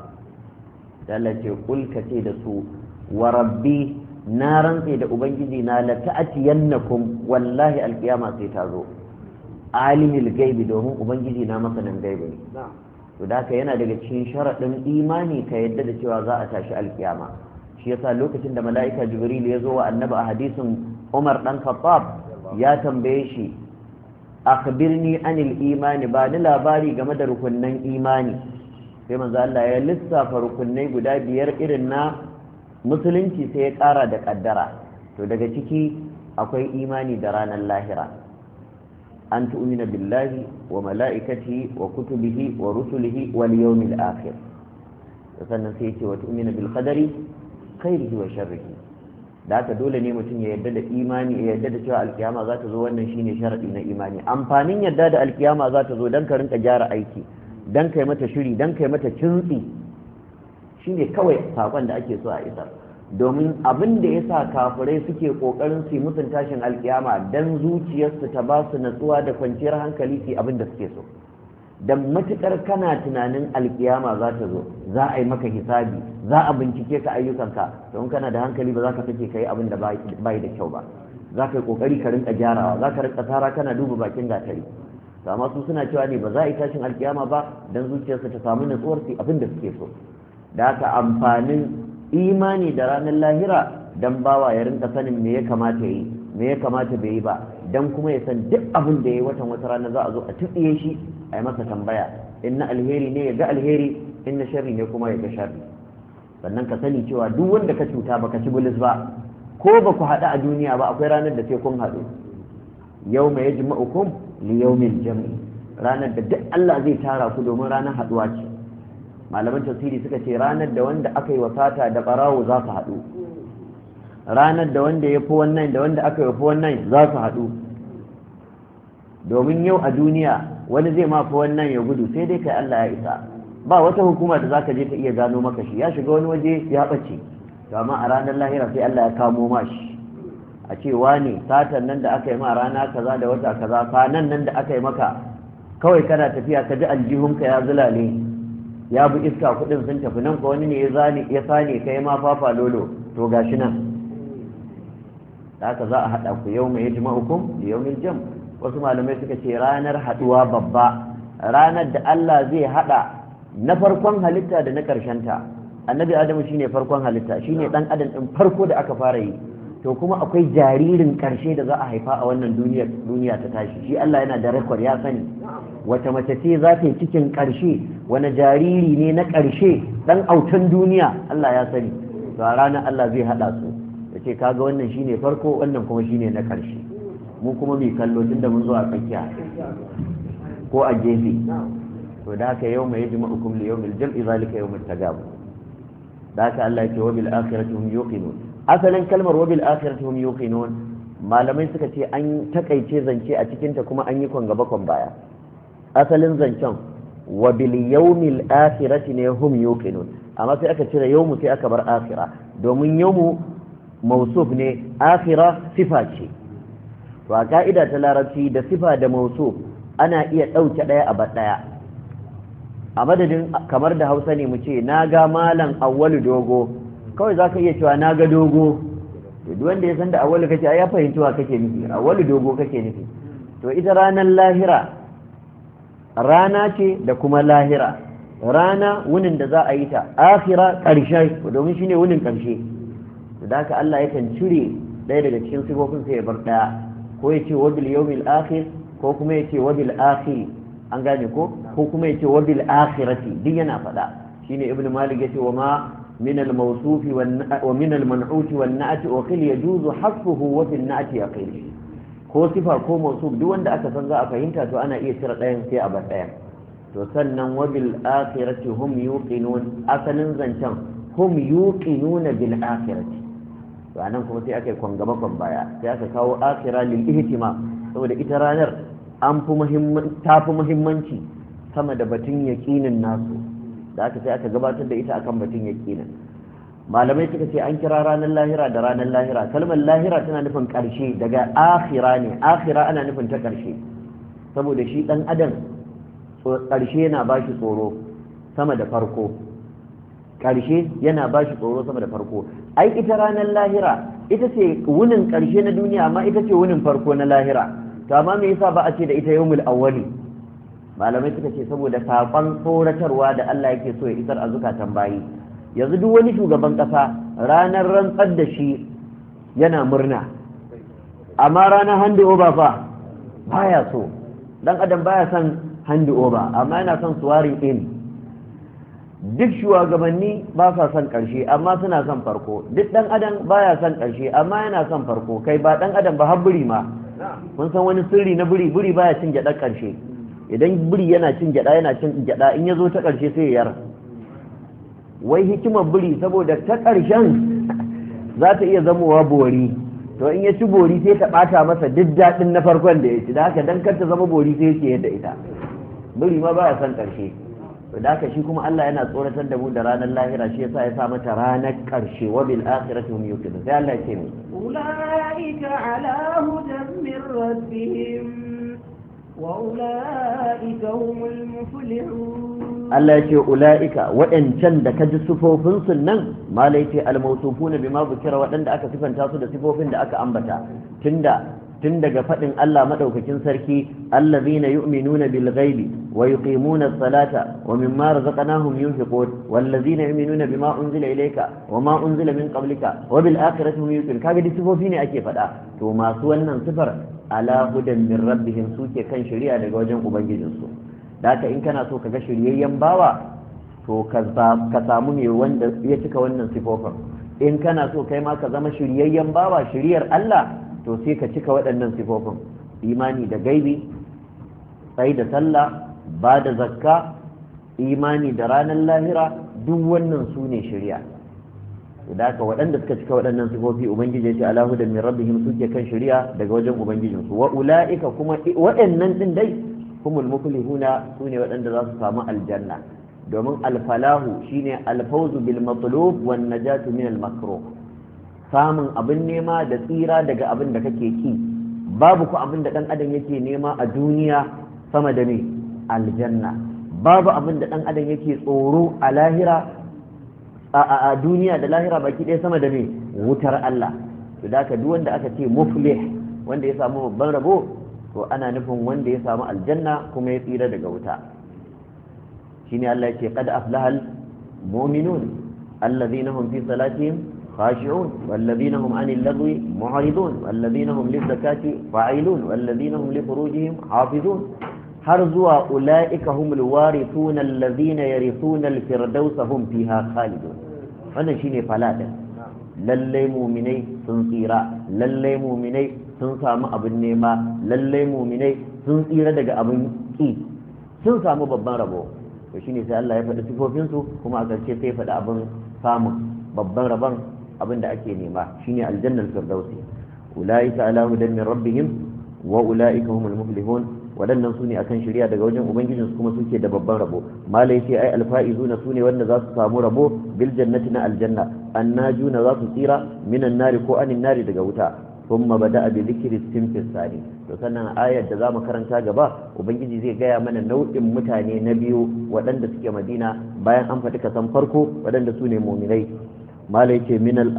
Speaker 2: dalace ce ce da su wa rabbi na rantse da ubangiji na la ta'tiyannakum wallahi alqiyama sai ta zo alimul gaibi domin ubangiji na masanin gaibi ne to da yana daga cikin sharaɗin imani ka yadda da cewa za a tashi alkiyama shi yasa lokacin da mala'ika jibril ya zo wa annabi a hadisin umar dan khattab ya tambaye shi akhbirni anil imani ba ni labari game da rukunnan imani sai manzo Allah ya lissafa rukunnai guda biyar irin na musulunci sai ya ƙara da ƙaddara to daga ciki akwai imani da ranar lahira an tu'mina billahi wa mala'ikati wa kutubihi wa rusulihi wal yawmil akhir sannan sai yake wa tu'mina bil qadari khairihi wa sharrihi da haka dole ne mutum ya yarda da imani ya yarda da cewa alkiyama za ta zo wannan shine sharadi na imani amfanin yarda da alkiyama za ta zo dan ka rinka gyara aiki dan kai mata shiri dan kai mata kintsi shine kawai sakon da ake so a isa domin abin da ya sa kafirai suke kokarin su mutun tashin alkiyama dan zuciyarsu ta ba su natsuwa da kwanciyar hankali su abin da suke so dan matukar kana tunanin alkiyama za ta zo za a yi maka hisabi za a bincike ka ayyukanka to in kana da hankali ba za ka sake kai abin da bai da kyau ba za ka yi kokari ka rinka gyarawa za ka rinka tsara kana duba bakin gatari to amma su suna cewa ne ba za a yi tashin alkiyama ba dan zuciyarsu ta samu natsuwar su abin da suke so da haka amfanin imani da ranar lahira dan bawa ya rinka sanin me ya kamata yi me ya kamata bai yi ba dan kuma ya san duk abin da ya yi watan wata rana za a zo a tuɗiye shi a yi masa tambaya in na alheri ne ya ga alheri in na sharri ne kuma ya ga sharri sannan ka sani cewa duk wanda ka cuta ba ka ci bulis ba ko ba ku haɗu a duniya ba akwai ranar da sai kun haɗu yau mai yajma'ukum li yawmil jam'i ranar da duk Allah zai tara ku domin ranar haɗuwa ce malaman tafsiri suka ce ranar da wanda aka yi wasata da barawo za su haɗu ranar da wanda ya fi wannan da wanda aka yi fi wannan za su haɗu domin yau a duniya wani zai ma fi wannan ya gudu sai dai kai Allah ya isa ba wata hukuma da ka je ta iya gano maka shi ya shiga wani waje ya ɓace to amma a ranar lahira sai Allah ya kamo ma a ce ne, satan nan da aka yi ma rana kaza da wata kaza nan nan da aka yi maka kawai kana tafiya ka ji aljihunka ya zulale ya bi iska kuɗin sun tafi nan ko wani ne ya ya sane kai ma fafa lolo to gashi nan haka za a haɗa ku yau mai jima hukum da yau jam wasu malamai suka ce ranar haɗuwa babba ranar da Allah zai haɗa na farkon halitta da na ta annabi adamu shine farkon halitta shine ɗan adam ɗin farko da aka fara yi to kuma akwai jaririn karshe da za a haifa a wannan duniya ta tashi shi Allah yana da rekord ya sani wata mace ce za ta cikin karshe wani jariri ne na karshe dan autan duniya Allah ya sani to a ranar Allah zai haɗa su Ya ce kaga wannan shine farko wannan kuma shine na karshe mu kuma mai kallo tunda mun zo a tsakiya ko a gefe to da haka yau mai yajma hukum li yawmil jam'i zalika yawmut tagab da haka Allah ya ce wa bil akhirati hum yuqinun asalin kalmar wabil akhirati hum yuqinun malamai suka ce an takaice zance a cikin ta kuma an yi kon gaba baya asalin zancen wabil yawmil akhirati ne hum yuqinun amma sai aka cire yawmu sai aka bar akhira domin yawmu mausuf ne akhira sifa ce to a ka'ida ta larabci da sifa da mausuf ana iya ɗauke ɗaya a ɗaya a madadin kamar da hausa ne mu ce na ga malam awwalu dogo kawai za ka iya cewa na ga dogo wanda ya san da Awali kake ya fahimci wa kake nufi Awali dogo kake nufi to ita ranar lahira rana ce da kuma lahira rana wunin da za a yi ta akhira karshe domin shine wunin karshe da haka Allah yakan cire ɗaya daga cikin sifofin sai ya bar ɗaya ko ya ce wabil yawmil akhir ko kuma ya ce wabil akhir an gane ko ko kuma ya ce wabil akhirati duk yana faɗa shine ibnu malik ya ce wa ma من الموصوف ومن المنعوت والنعت وقيل يجوز حذفه وفي النعت يقيل ko sifa ko mausuf duk wanda aka san za a fahimta to ana iya cire ɗayan sai a bar ɗayan to sannan wabil akhirati hum yuqinun asalin zancen hum yuqinuna bil akhirati to anan kuma sai aka yi baya sai aka kawo akhira lil ihtima saboda ita ranar an fi muhimmanci ta fi muhimmanci sama da batun yaqinin nasu da aka sai aka gabatar da ita akan batun yaƙinin malamai suka ce an kira ranar lahira da ranar lahira kalmar lahira tana nufin ƙarshe daga akhira ne akhira ana nufin ta ƙarshe saboda shi ɗan adam ƙarshe yana ba shi tsoro sama da farko ƙarshe yana ba shi tsoro sama da farko ai ita ranar lahira ita ce wunin ƙarshe na duniya amma ita ce wunin farko na lahira to amma me yasa ba a ce da ita yawmul awwali malamai suka ce saboda saƙon tsoratarwa da Allah yake so ya isar a zukatan bayi yanzu duk wani shugaban ƙasa ranar rantsar da shi yana murna amma ranar handi oba fa baya so dan adam baya son handi oba amma yana son suwarin in duk shugabanni ba sa son ƙarshe amma suna son farko duk dan adam baya son ƙarshe amma yana son farko kai ba dan adam ba har buri ma kun san wani sirri na buri buri baya cin gyaɗar ƙarshe idan biri yana cin gyada yana cin gyada in ya zo ta ƙarshe sai yar wai hikimar biri saboda ta karshen za ta iya zamowa bori to in ya ci bori sai ta ɓata masa duk daɗin na farkon da ya ci da haka dan kar ta zama bori sai yake yadda ita biri ma baya son ƙarshe to da haka shi kuma Allah yana tsoratar da mu da ranar lahira shi yasa ya sa mata ranar ƙarshe wa bil akhirati hum yuqinun sai Allah ya ce mu
Speaker 1: ulaika ala hudan min rabbihim
Speaker 2: Allah ce ula’ika waɗancan da ka ji sufofinsu nan ma laifi almautufu ne bi ma bukira waɗanda aka sifanta su da sifofin da aka ambata tunda tun daga faɗin Allah maɗaukakin sarki allazina yu'minuna bil ghaibi wa yuqimuna as-salata wa mimma razaqnahum yunfiqun wallazina yu'minuna bima unzila ilayka wa ma unzila min qablika wa bil akhirati hum yuqinun kaga duk sifofi ne ake faɗa to masu wannan sifar ala hudan min rabbihim suke kan shari'a daga wajen ubangijinsu da haka in kana so kaga shiryayyen bawa to ka samu ne wanda ya cika wannan sifofin in kana so kai ma ka zama shiryayyen bawa shiryar Allah to sai ka cika waɗannan sifofin imani da gaibi tsaye da sallah ba da zakka imani da ranar lahira duk wannan su ne shirya da haka waɗanda suka cika waɗannan sifofi ubangiji ya ce alahu da min rabbihim suke kan shirya daga wajen ubangijinsu wa ula'ika kuma waɗannan din dai humul muflihuna su ne waɗanda za su samu aljanna domin alfalahu shine alfawzu bil matlub wan najatu min al makruh samun abin nema da tsira daga abin da kake ki babu ku abin da ɗan adam yake nema a duniya sama da me aljanna babu abin da ɗan adam yake tsoro a lahira a duniya da lahira baki ɗaya sama da me wutar Allah to da duk wanda aka ce muflih wanda ya samu babban rabo to ana nufin wanda ya samu aljanna kuma ya tsira daga wuta shine Allah yake qad aflahal mu'minun alladhina hum fi salatihim خاشعون والذين هم عن اللغو معرضون والذين هم للزكاة فاعلون والذين هم لفروجهم حافظون har zuwa ula'ika humul warithuna allazina yarithuna alfirdausa hum fiha khalidun wannan shi shine faladin lalle mu'minai sun tsira lalle mu'minai sun samu abin nema lalle mu'minai sun tsira daga abin ki sun samu babban rabo to shine sai Allah ya faɗi sifofin kuma a ƙarshe sai faɗi abin samun babban rabon abinda ake nema shine aljannar firdausi ulaika ala hudan min rabbihim wa ulaika humul muflihun waɗannan su ne akan shirya daga wajen ubangijinsu kuma suke da babban rabo malai sai ai alfa'izuna su ne wanda za su samu rabo bil jannati na aljanna annajuna za su tsira minan nari ko anin nari daga wuta thumma bada'a bi dhikri sinfis sani to sannan ayar da za mu karanta gaba ubangiji zai gaya mana nau'in mutane na biyu waɗanda suke madina bayan an faɗi kasan farko waɗanda su ne muminai malai ce min al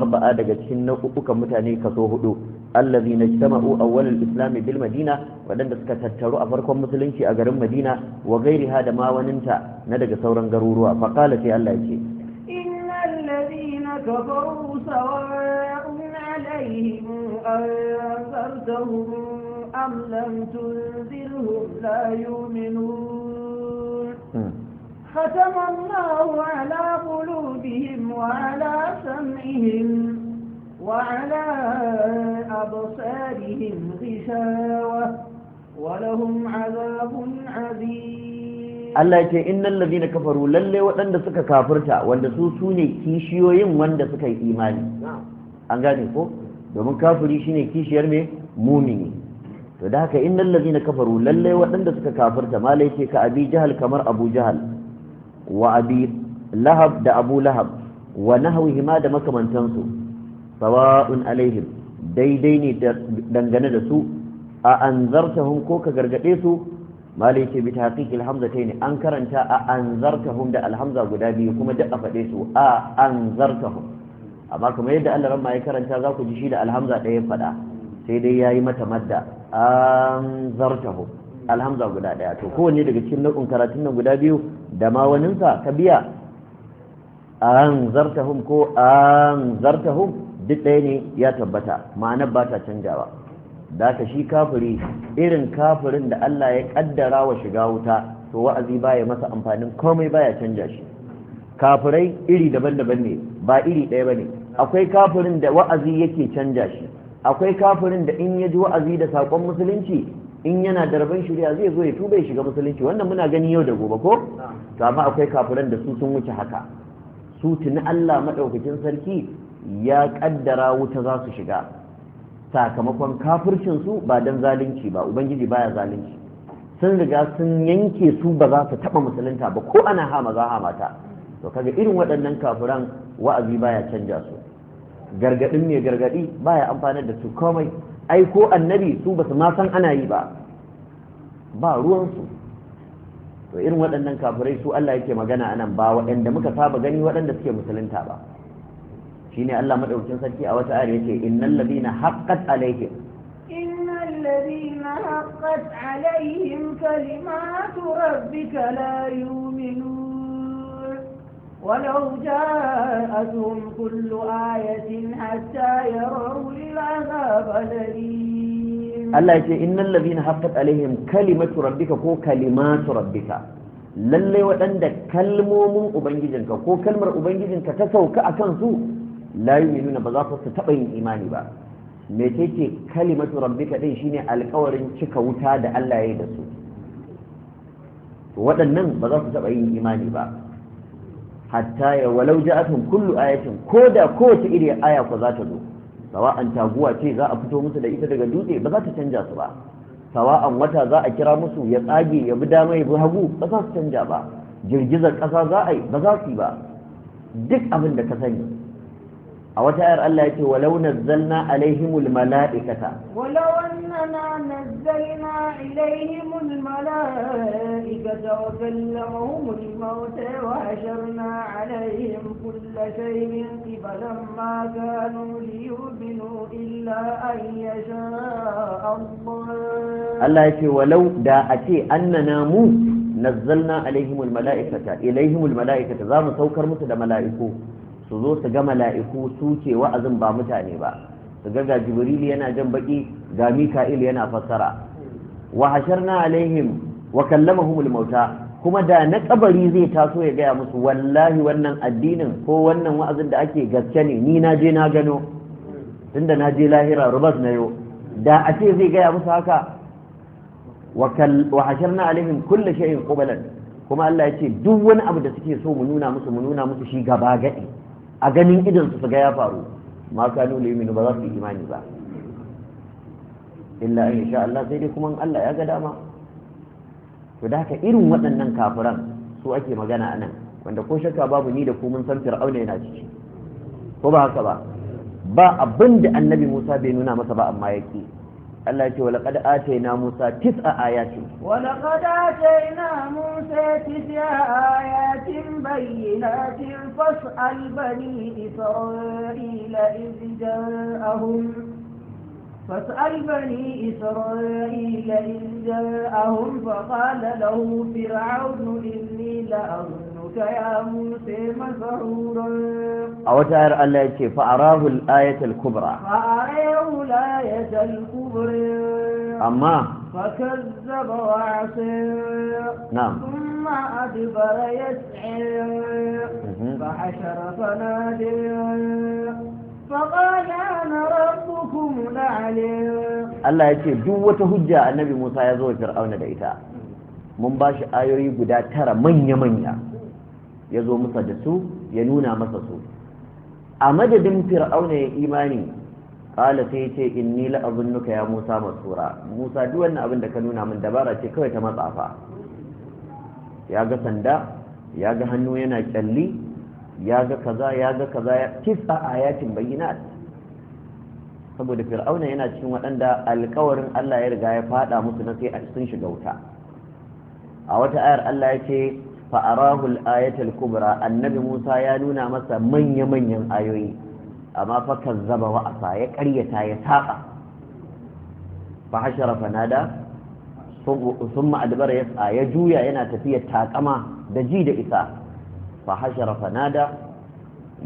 Speaker 2: arba'a daga cikin nau'ukan mutane kaso hudu allazi na jama'u awwal al-islam bil madina wadanda suka tattaru a farkon musulunci a garin madina wa gairiha da mawaninta na daga sauran garuruwa fa qala sai Allah ya
Speaker 1: innal ladina kafaru sawa'un alaihim anzartahum am lam tunzirhum la yu'minun ختم الله على قلوبهم وعلى سمعهم وعلى أبصارهم غشاوة ولهم عذاب عظيم
Speaker 2: Allah ya ce innal ladina kafaru lalle waɗanda suka kafirta wanda su sune kishiyoyin wanda suka yi imani an gane ko domin kafiri shine kishiyar me mumini to da haka innal ladina kafaru lalle waɗanda suka kafirta malai ce ka abi jahal kamar abu jahal wa abi lahab da abu lahab wa nahwihima da makamantansu sawa'un alaihim daidai ne dangane da su a anzartahum ko ka gargade su malai ce bita haƙiƙil hamza ta ne an karanta a anzartahum da alhamza guda biyu kuma duk a faɗe su a anzartahum amma kuma yadda Allah ramma ya karanta za ku ji shi da alhamza ɗaya faɗa sai dai ya yi mata madda anzartahum alhamza guda ɗaya to kowanne daga cikin nau'in karatun nan guda biyu da ma waninsa ka biya an zartahum ko an zartahum duk ɗaya ne ya tabbata ma'anar ba ta canjawa da ka shi kafiri irin kafirin da Allah ya kaddara wa shiga wuta to wa'azi baya masa amfanin komai ya canja shi kafirai iri daban-daban ne ba iri ɗaya ba ne akwai kafirin da wa'azi yake canja shi akwai kafirin da in ya ji wa'azi da saƙon musulunci in yana da rabon shari'a zai zo ya tuba ya shiga musulunci wannan muna gani yau da gobe ko to amma akwai kafiran da su sun wuce haka su tuni Allah madaukakin sarki ya kaddara wuta za su shiga sakamakon kafircin su ba dan zalunci ba ubangiji baya zalunci sun riga sun yanke su ba za su taba musulunta ba ko ana hama za hama ta to kaga irin waɗannan kafiran wa'azi baya canja su gargadin mai gargadi baya amfanar da su komai ai ko annabi su ba su ma san ana yi ba ba ruwansu to irin waɗannan kafirai su Allah yake magana anan ba waɗanda muka saba gani waɗanda suke musulunta ba shine Allah maɗaukin sarki a wata ayar yake innal ladina haqqat alaihim
Speaker 1: innal ladina haqqat alayhim kalimatu rabbika la yu'minun ولو جاءتهم كل آية حتى يروا العذاب الأليم
Speaker 2: الله يقول إن الذين حقت عليهم كلمة ربك هو كلمات ربك lallai waɗanda kalmomin ubangijinka ko kalmar ubangijinka ta sauka a kansu layu mai nuna ba za su taɓa yin imani ba me ce ce kalimatu rabbika ɗin shine alkawarin cika wuta da Allah ya yi da su waɗannan ba za su taɓa yin imani ba hatta ya walau ja'atun kullu ayatin ko da kowace iri aya ko za ta zo sawa'an taguwa ce za a fito musu da ita daga dutse ba za ta canja su ba sawa'an wata za a kira musu ya tsage ya bi dama ya bi hagu ba za su canja ba girgizar ƙasa za a yi ba za su yi ba duk abin da ka sani a wata ayar Allah yake walau nazzalna alaihimul mala'ikata
Speaker 1: walau annana nazzalna ilaihimul mala'ikata wa kallamahumul mauta wa hasharna alaihim kulla shay'in qibalan ma kanu liyu'minu illa an yasha Allah
Speaker 2: Allah yake walau da a ce annana mu nazzalna alaihimul mala'ikata ilaihimul mala'ikata za mu saukar musu da mala'iku su zo su ga mala'iku su ce wa'azin ba mutane ba su ga ga jibril yana jan baki ga mika'il yana fassara wa hasharna alaihim wa kallamahumul mauta kuma da na kabari zai taso ya gaya musu wallahi wannan addinin ko wannan wa'azin da ake gaske ne ni na je na gano tunda na je lahira rubas na yo da a ce zai gaya musu haka wa hasharna alaihim kulli shay'in qubalan kuma Allah ya ce duk wani abu da suke so mu nuna musu mu nuna musu shi gaba gadi a ganin idan su ga ya faru ma kanu la ba za su imani ba illa in sha Allah sai dai kuma Allah ya ga dama to da haka irin waɗannan kafiran su ake magana a nan wanda ko shakka babu ni da ku mun san fir'auna yana ciki ko ba haka ba ba abinda annabi Musa bai nuna masa ba amma yake Allah ya ce walaqad atayna Musa tis'a ayatin
Speaker 1: walaqad atayna Musa tis'a ayatin bayyinatin fas'al bani Isra'ila idh ja'ahum فاسأل بني إسرائيل إذ جاءهم فقال له فرعون إني لأظن rabbuka ya musa a
Speaker 2: wata ayar Allah yake fa arahu al-ayatul kubra
Speaker 1: fa arahu al-ayatul kubra amma فكذب وعصى نعم ثم أدبر يسعى فحشر فنادى فقال أنا ربكم الأعلى الله
Speaker 2: يقول دوة هجة النبي mun ba shi ayoyi guda tara manya-manya ya zo masa da su ya nuna masa su a madadin fir'auna ya imani kala sai ce in ni la Nuka ya musa masura musa duk wannan abin da ka nuna min dabara ce kawai ta matsafa ya ga sanda ya ga hannu yana kyalli ya ga kaza ya ga kaza ya tisa ayatin bayyinat saboda fir'auna yana cikin waɗanda alkawarin Allah ya riga ya faɗa musu na sai a sun shiga wuta a wata ayar Allah ya ce fa'arahul ayatul kubra annabi Musa ya nuna masa manya-manyan ayoyi amma fa kazzaba wa asa ya ƙaryata ya saba fa hashara fanada thumma adbara yas'a ya juya yana tafiya takama da ji da isa fa hashara fanada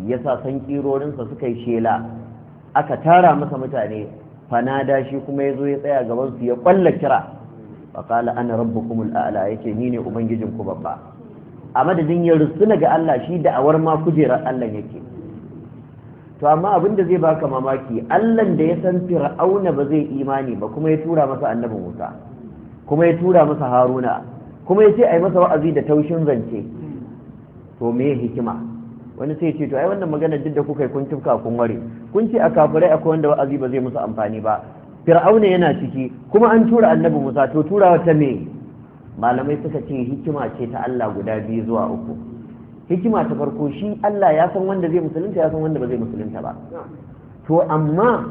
Speaker 2: yasa san kirorinsa suka yi shela aka tara masa mutane fanada shi kuma yazo ya tsaya gaban su ya kwalla kira fa qala ana rabbukumul a'la yake nine ubangijin ubangijinku babba a madadin ya rusuna ga Allah shi da'awar ma kujerar Allah yake to amma abin da zai baka mamaki Allah da ya san fir'auna ba zai imani ba kuma ya tura masa annabi Musa kuma ya tura masa Haruna kuma ya ce ai masa wa'azi da taushin zance to me hikima wani sai ce to ai wannan magana duk da kuka yi kun tufka kun ware kun ce a kafirai akwai wanda wa'azi ba zai musu amfani ba fir'auna yana ciki kuma an tura annabi Musa to turawa ta me malamai suka ce hikima ce ta Allah guda biyu zuwa uku hikima ta farko shi Allah ya san wanda zai musulunta ya san wanda ba zai musulunta ba to amma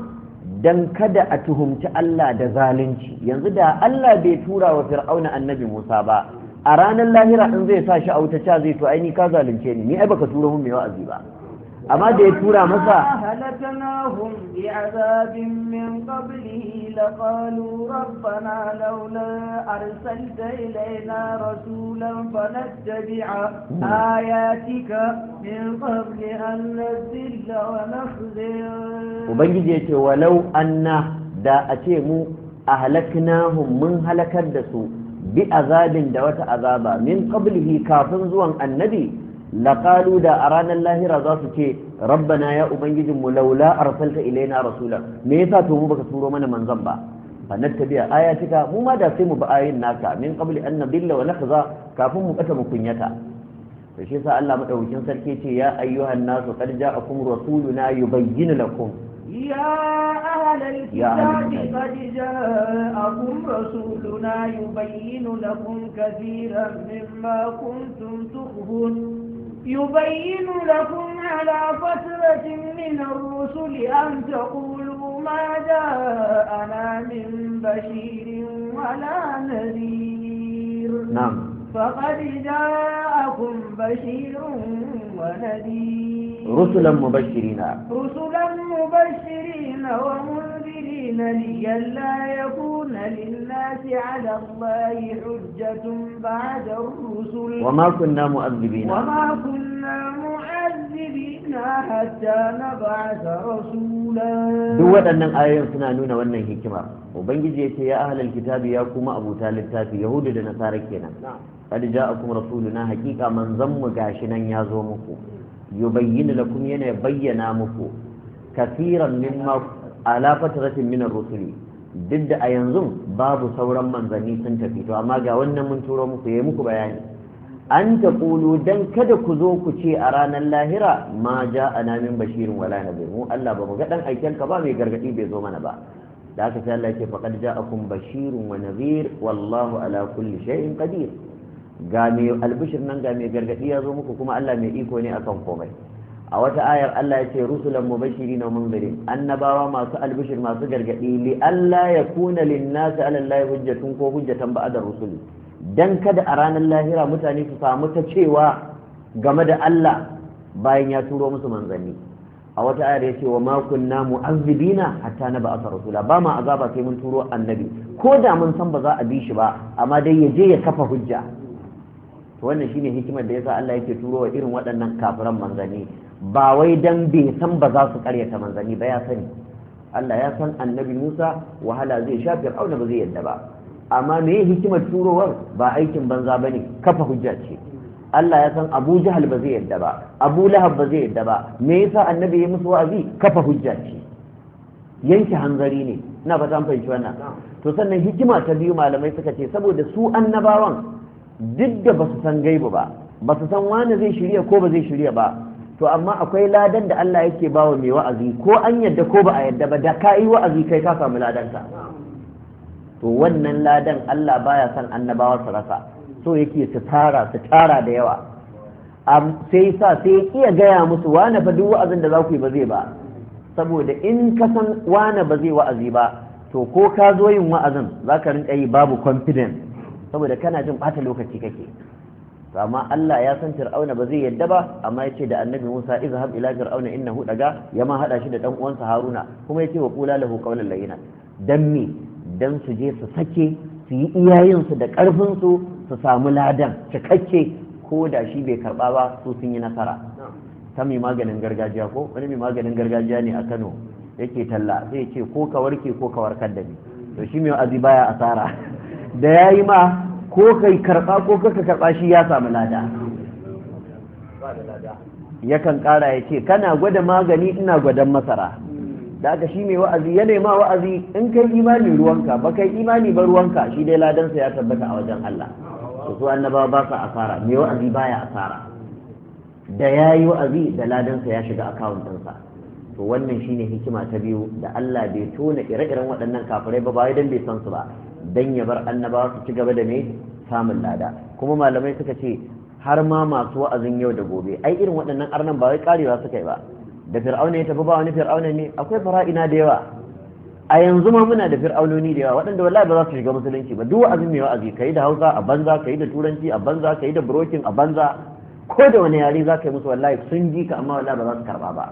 Speaker 2: dan kada a tuhumci Allah da zalunci yanzu da Allah bai tura wa fir'auna annabi Musa ba a ranar lahira in zai sa shi a wuta ca zai to ai ni ka zalunce ni ni ai baka tura mun mai wa'azi ba amma da ya tura masa
Speaker 1: halakanahum bi azabin min qablihi laqalu rabbana laula arsalta ilayna rasulan fanattabi'a ayatika min qabli an nazilla wa nakhzir
Speaker 2: ubangiji yace walau anna da a ce mu ahlaknahum mun halakar da su bi azabin da wata azaba min qablihi kafin zuwan annabi lakalu da a ranar lahira za su ce rabbana ya ubangijinmu laula arsalta ilaina rasula me yasa to mu baka turo mana manzon ba fa nattabi'a ayatika mu ma da sai mu ba ayin naka min qabli an nabilla wa nahza kafin mu bata mu kunyata to shi yasa Allah madaukakin sarki ce ya ayyuhan nasu qad ja'akum rasuluna yubayyinu lakum
Speaker 1: يا أهل الكتاب قد جاءكم رسولنا يبين لكم كثيرا مما كنتم تخفون يبين لكم على فترة من الرسل أن تقولوا ما جاءنا من بشير ولا نذير نعم فقد جاءكم بشير ونذير
Speaker 2: رسلا مبشرين
Speaker 1: رسلا مبشرين ومنذرين أذن لي لا يكون للناس على الله حجة بعد الرسل وما كنا مؤذبين وما كنا مؤذبين حتى نبعث رسولا duk waɗannan
Speaker 2: ayoyin suna nuna wannan hikima ubangiji ya ce ya ahlal kitabi ya kuma abuta littafi yahudu da nasara kenan qad ja'akum rasuluna haqiqa manzon mu gashi nan ya zo muku yubayyin lakum yana bayyana muku kasiran mimma ala fatratin minar rusuli duk da a yanzu babu sauran manzanni sun tafi to amma ga wannan mun turo muku yayi muku bayani an ta kulu dan kada ku zo ku ce a ranar lahira ma ja ana min bashirin wala nabi mu Allah ba mu ga dan aikin ka ba mai gargadi bai zo mana ba da aka sai Allah yake faqad ja'akum bashirun wa nadhir wallahu ala kulli shay'in qadir ga mai albishir nan ga mai gargadi ya zo muku kuma Allah mai iko ne akan komai a wata ayar Allah ya ce rusulan mubashiri na munzirin annabawa masu albishir masu gargaɗi li Allah ya kuna linnasi ala hujjatun ko hujjatan ba'da rusuli dan kada a ranar lahira mutane su samu ta cewa game da Allah bayan ya turo musu manzanni a wata ayar ya ce wa ma kunna mu'azzibina hatta na ba'atha rasula ba ma azaba sai mun turo annabi ko da mun san ba za a bi shi ba amma dai ya je ya kafa hujja wannan shine hikimar da yasa Allah yake turo wa irin waɗannan kafiran manzanni ba wai dan bai san ba za su karyata manzanni ba ya sani Allah ya san annabi Musa wahala zai sha Fir'auna ba zai yadda ba amma me hikimar turowar ba aikin banza bane kafa hujja ce Allah ya san Abu Jahal ba zai yadda ba Abu Lahab ba zai yadda ba me yasa annabi ya musu wa'azi kafa hujja ce yanke hanzari ne ina fata an fahimci wannan to sannan hikima ta biyu malamai suka ce saboda su annabawan duk da basu san gaibu ba basu san wani zai shirya ko ba zai shirya ba to amma akwai ladan da Allah yake bawa mai wa'azi ko an yadda ko ba a yadda ba da ka yi wa'azi kai ka samu ladanka to wannan ladan Allah baya son annabawa su rasa so yake su tara su tara da yawa sai sa sai iya gaya musu wane fa duk wa'azin da za ku yi ba zai ba saboda in ka san wane ba zai wa'azi ba to ko ka zo yin wa'azin za ka rinka yi babu confidence saboda kana jin ɓata lokaci kake amma Allah ya san Fir'auna ba zai yadda ba amma ya ce da Annabi Musa izhab ila Fir'auna innahu daga ya ma hada shi da dan uwansa Haruna kuma ya ce wa qula lahu qawlan layyina dan me dan su je su sake su yi iyayen su da karfin su su samu ladan cikakke ko da shi bai karba ba su sun yi nasara ta mai maganin gargajiya ko wani mai maganin gargajiya ne a Kano yake talla sai ce ko ka warke ko ka warkar da ni to shi mai azibaya baya asara da yayi ma ko kai karɓa ko kaka karɓa shi ya samu lada yakan ƙara ya ce kana gwada magani ina gwadon masara da aka shi mai wa'azi ya nema wa'azi in kai imani ruwanka ba kai imani ba ruwanka shi dai ladansa ya tabbata a wajen Allah to su annabawa ba sa asara mai wa'azi baya asara da ya yi wa'azi da ladansa ya shiga akawun ɗinsa to wannan shine hikima ta biyu da Allah bai tona ire-iren waɗannan kafirai ba bai dan bai san su ba dan ya bar annabawa su ci gaba da me samun lada kuma malamai suka ce har ma masu wa'azin yau da gobe ai irin waɗannan arnan ba wai karewa suka yi ba da fir'auna ya tafi ba wani fir'auna ne akwai fara'ina da yawa a yanzu ma muna da fir'aunoni da yawa waɗanda wallahi ba za su shiga musulunci ba duk wa'azin mai wa'azi kai da hausa a banza kai da turanci a banza kai da brokin a banza ko da wani yare za ka yi musu wallahi sun ji ka amma wallahi ba za su karba ba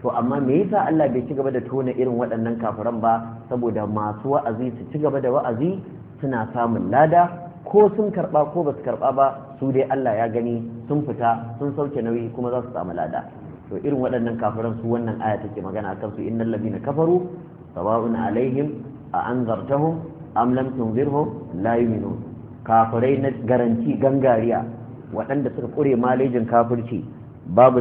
Speaker 2: to amma me yasa Allah bai ci gaba da tona irin waɗannan kafiran ba saboda masu wa'azi su ci gaba da wa'azi suna samun lada ko sun karba ko ba su karɓa ba su dai Allah ya gani sun fita sun sauke nauyi kuma za su samu lada to irin waɗannan kafiran su wannan aya take magana akan su innal ladina kafaru sawa'un alaihim a anzartahum am lam tunzirhum la yu'minun kafirai na garanti gangariya waɗanda suka kure malejin kafirci babu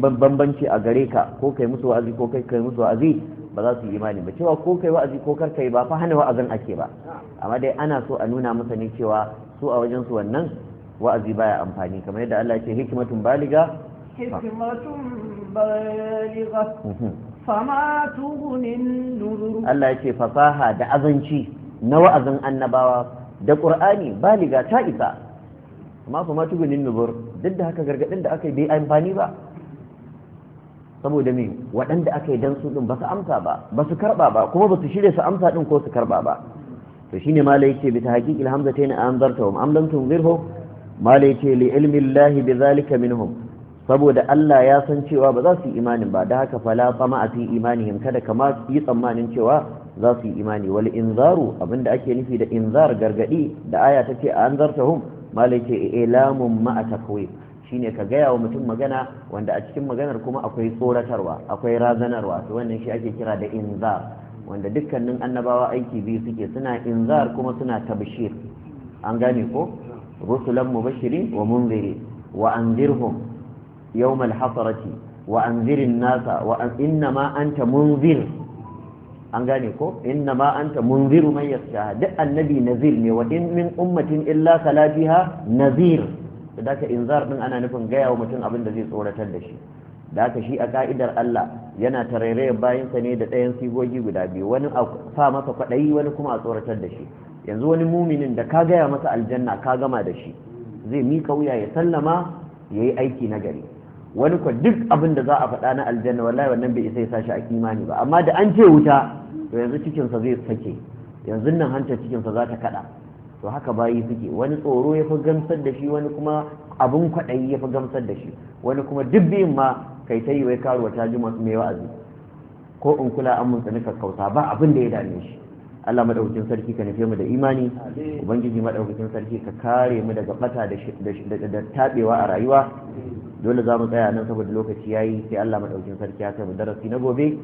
Speaker 2: bambanci a gare ka ko kai musu wa'azi ko kai kai musu wa'azi ba za su yi imani ba cewa ko kai wa'azi ko kar kai ba fa hana wa'azin ake ba amma dai ana so a nuna masa ne cewa su a wajen su wannan wa'azi baya amfani kamar yadda Allah ya ce hikmatun baliga
Speaker 1: hikmatun baliga mhm. fama tugunin nuzur
Speaker 2: Allah ya ce fasaha da azanci na wa'azin annabawa da qur'ani baliga ta isa amma fama tugunin nuzur duk da haka gargadin da aka yi bai amfani ba saboda me waɗanda aka yi dan su ba su amsa ba ba su karba ba kuma ba su shirya su amsa ɗin ko su karɓa ba to shine mala yace bi tahqiqil hamzatain anzartahum am lam tunzirhu mala yace li ilmi llahi bidhalika minhum saboda Allah ya san cewa ba za su yi imanin ba da haka fala tsama a fi imanihim kada ma yi tsammanin cewa za su yi imani wal inzaru abinda ake nufi da inzar gargadi da aya ta ce a anzartahum mala yace ilamun ma'a takwif shine ka gaya wa mutum magana wanda a cikin maganar kuma akwai tsoratarwa akwai razanarwa to wannan shi ake kira da inzar wanda dukkanin annabawa aiki biyu suke suna inzar kuma suna tabshir an gane ko rusulan wa munziri wa anzirhum yawmal hasarati wa anzirin nasa wa inna ma anta munzir an gane ko inna ma anta munziru man duk annabi nazir ne wa in min ummatin illa kala nazir da daga inzar din ana nufin gaya wa mutum abin da zai tsoratar da shi da haka shi a ka'idar Allah yana bayan sa ne da ɗayan sigogi guda biyu wani a fa masa kwaɗayi wani kuma a tsoratar da shi yanzu wani muminin da ka gaya masa aljanna ka gama da shi zai mika wuya ya sallama ya yi aiki na gari wani kwa duk abin da za a faɗa na aljanna wallahi wannan bai isa ya sashi a kimani ba amma da an ce wuta to yanzu cikinsa zai sake yanzu nan hantar cikinsa za ta kaɗa to haka bayi suke wani tsoro ya fi gamsar da shi wani kuma abun kwaɗayi ya fi gamsar da shi wani kuma duk biyun ma kai ta yi wai karuwa ta ji masu mai wa'azi ko in kula an mun tsani kakkausa ba abin da ya dame shi Allah madaukakin sarki ka nufe mu da imani ubangiji madaukakin sarki ka kare mu daga bata da tabewa a rayuwa dole za mu tsaya nan saboda lokaci yayi sai Allah madaukakin sarki ya kai mu darasi na gobe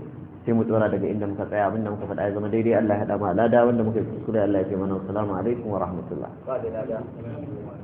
Speaker 2: sai mu tsora daga inda muka tsaya abinda muka faɗa ya zama daidai Allah ya hada mu alada wanda muka yi kuskure Allah ya fi mana assalamu alaikum wa
Speaker 3: rahmatullah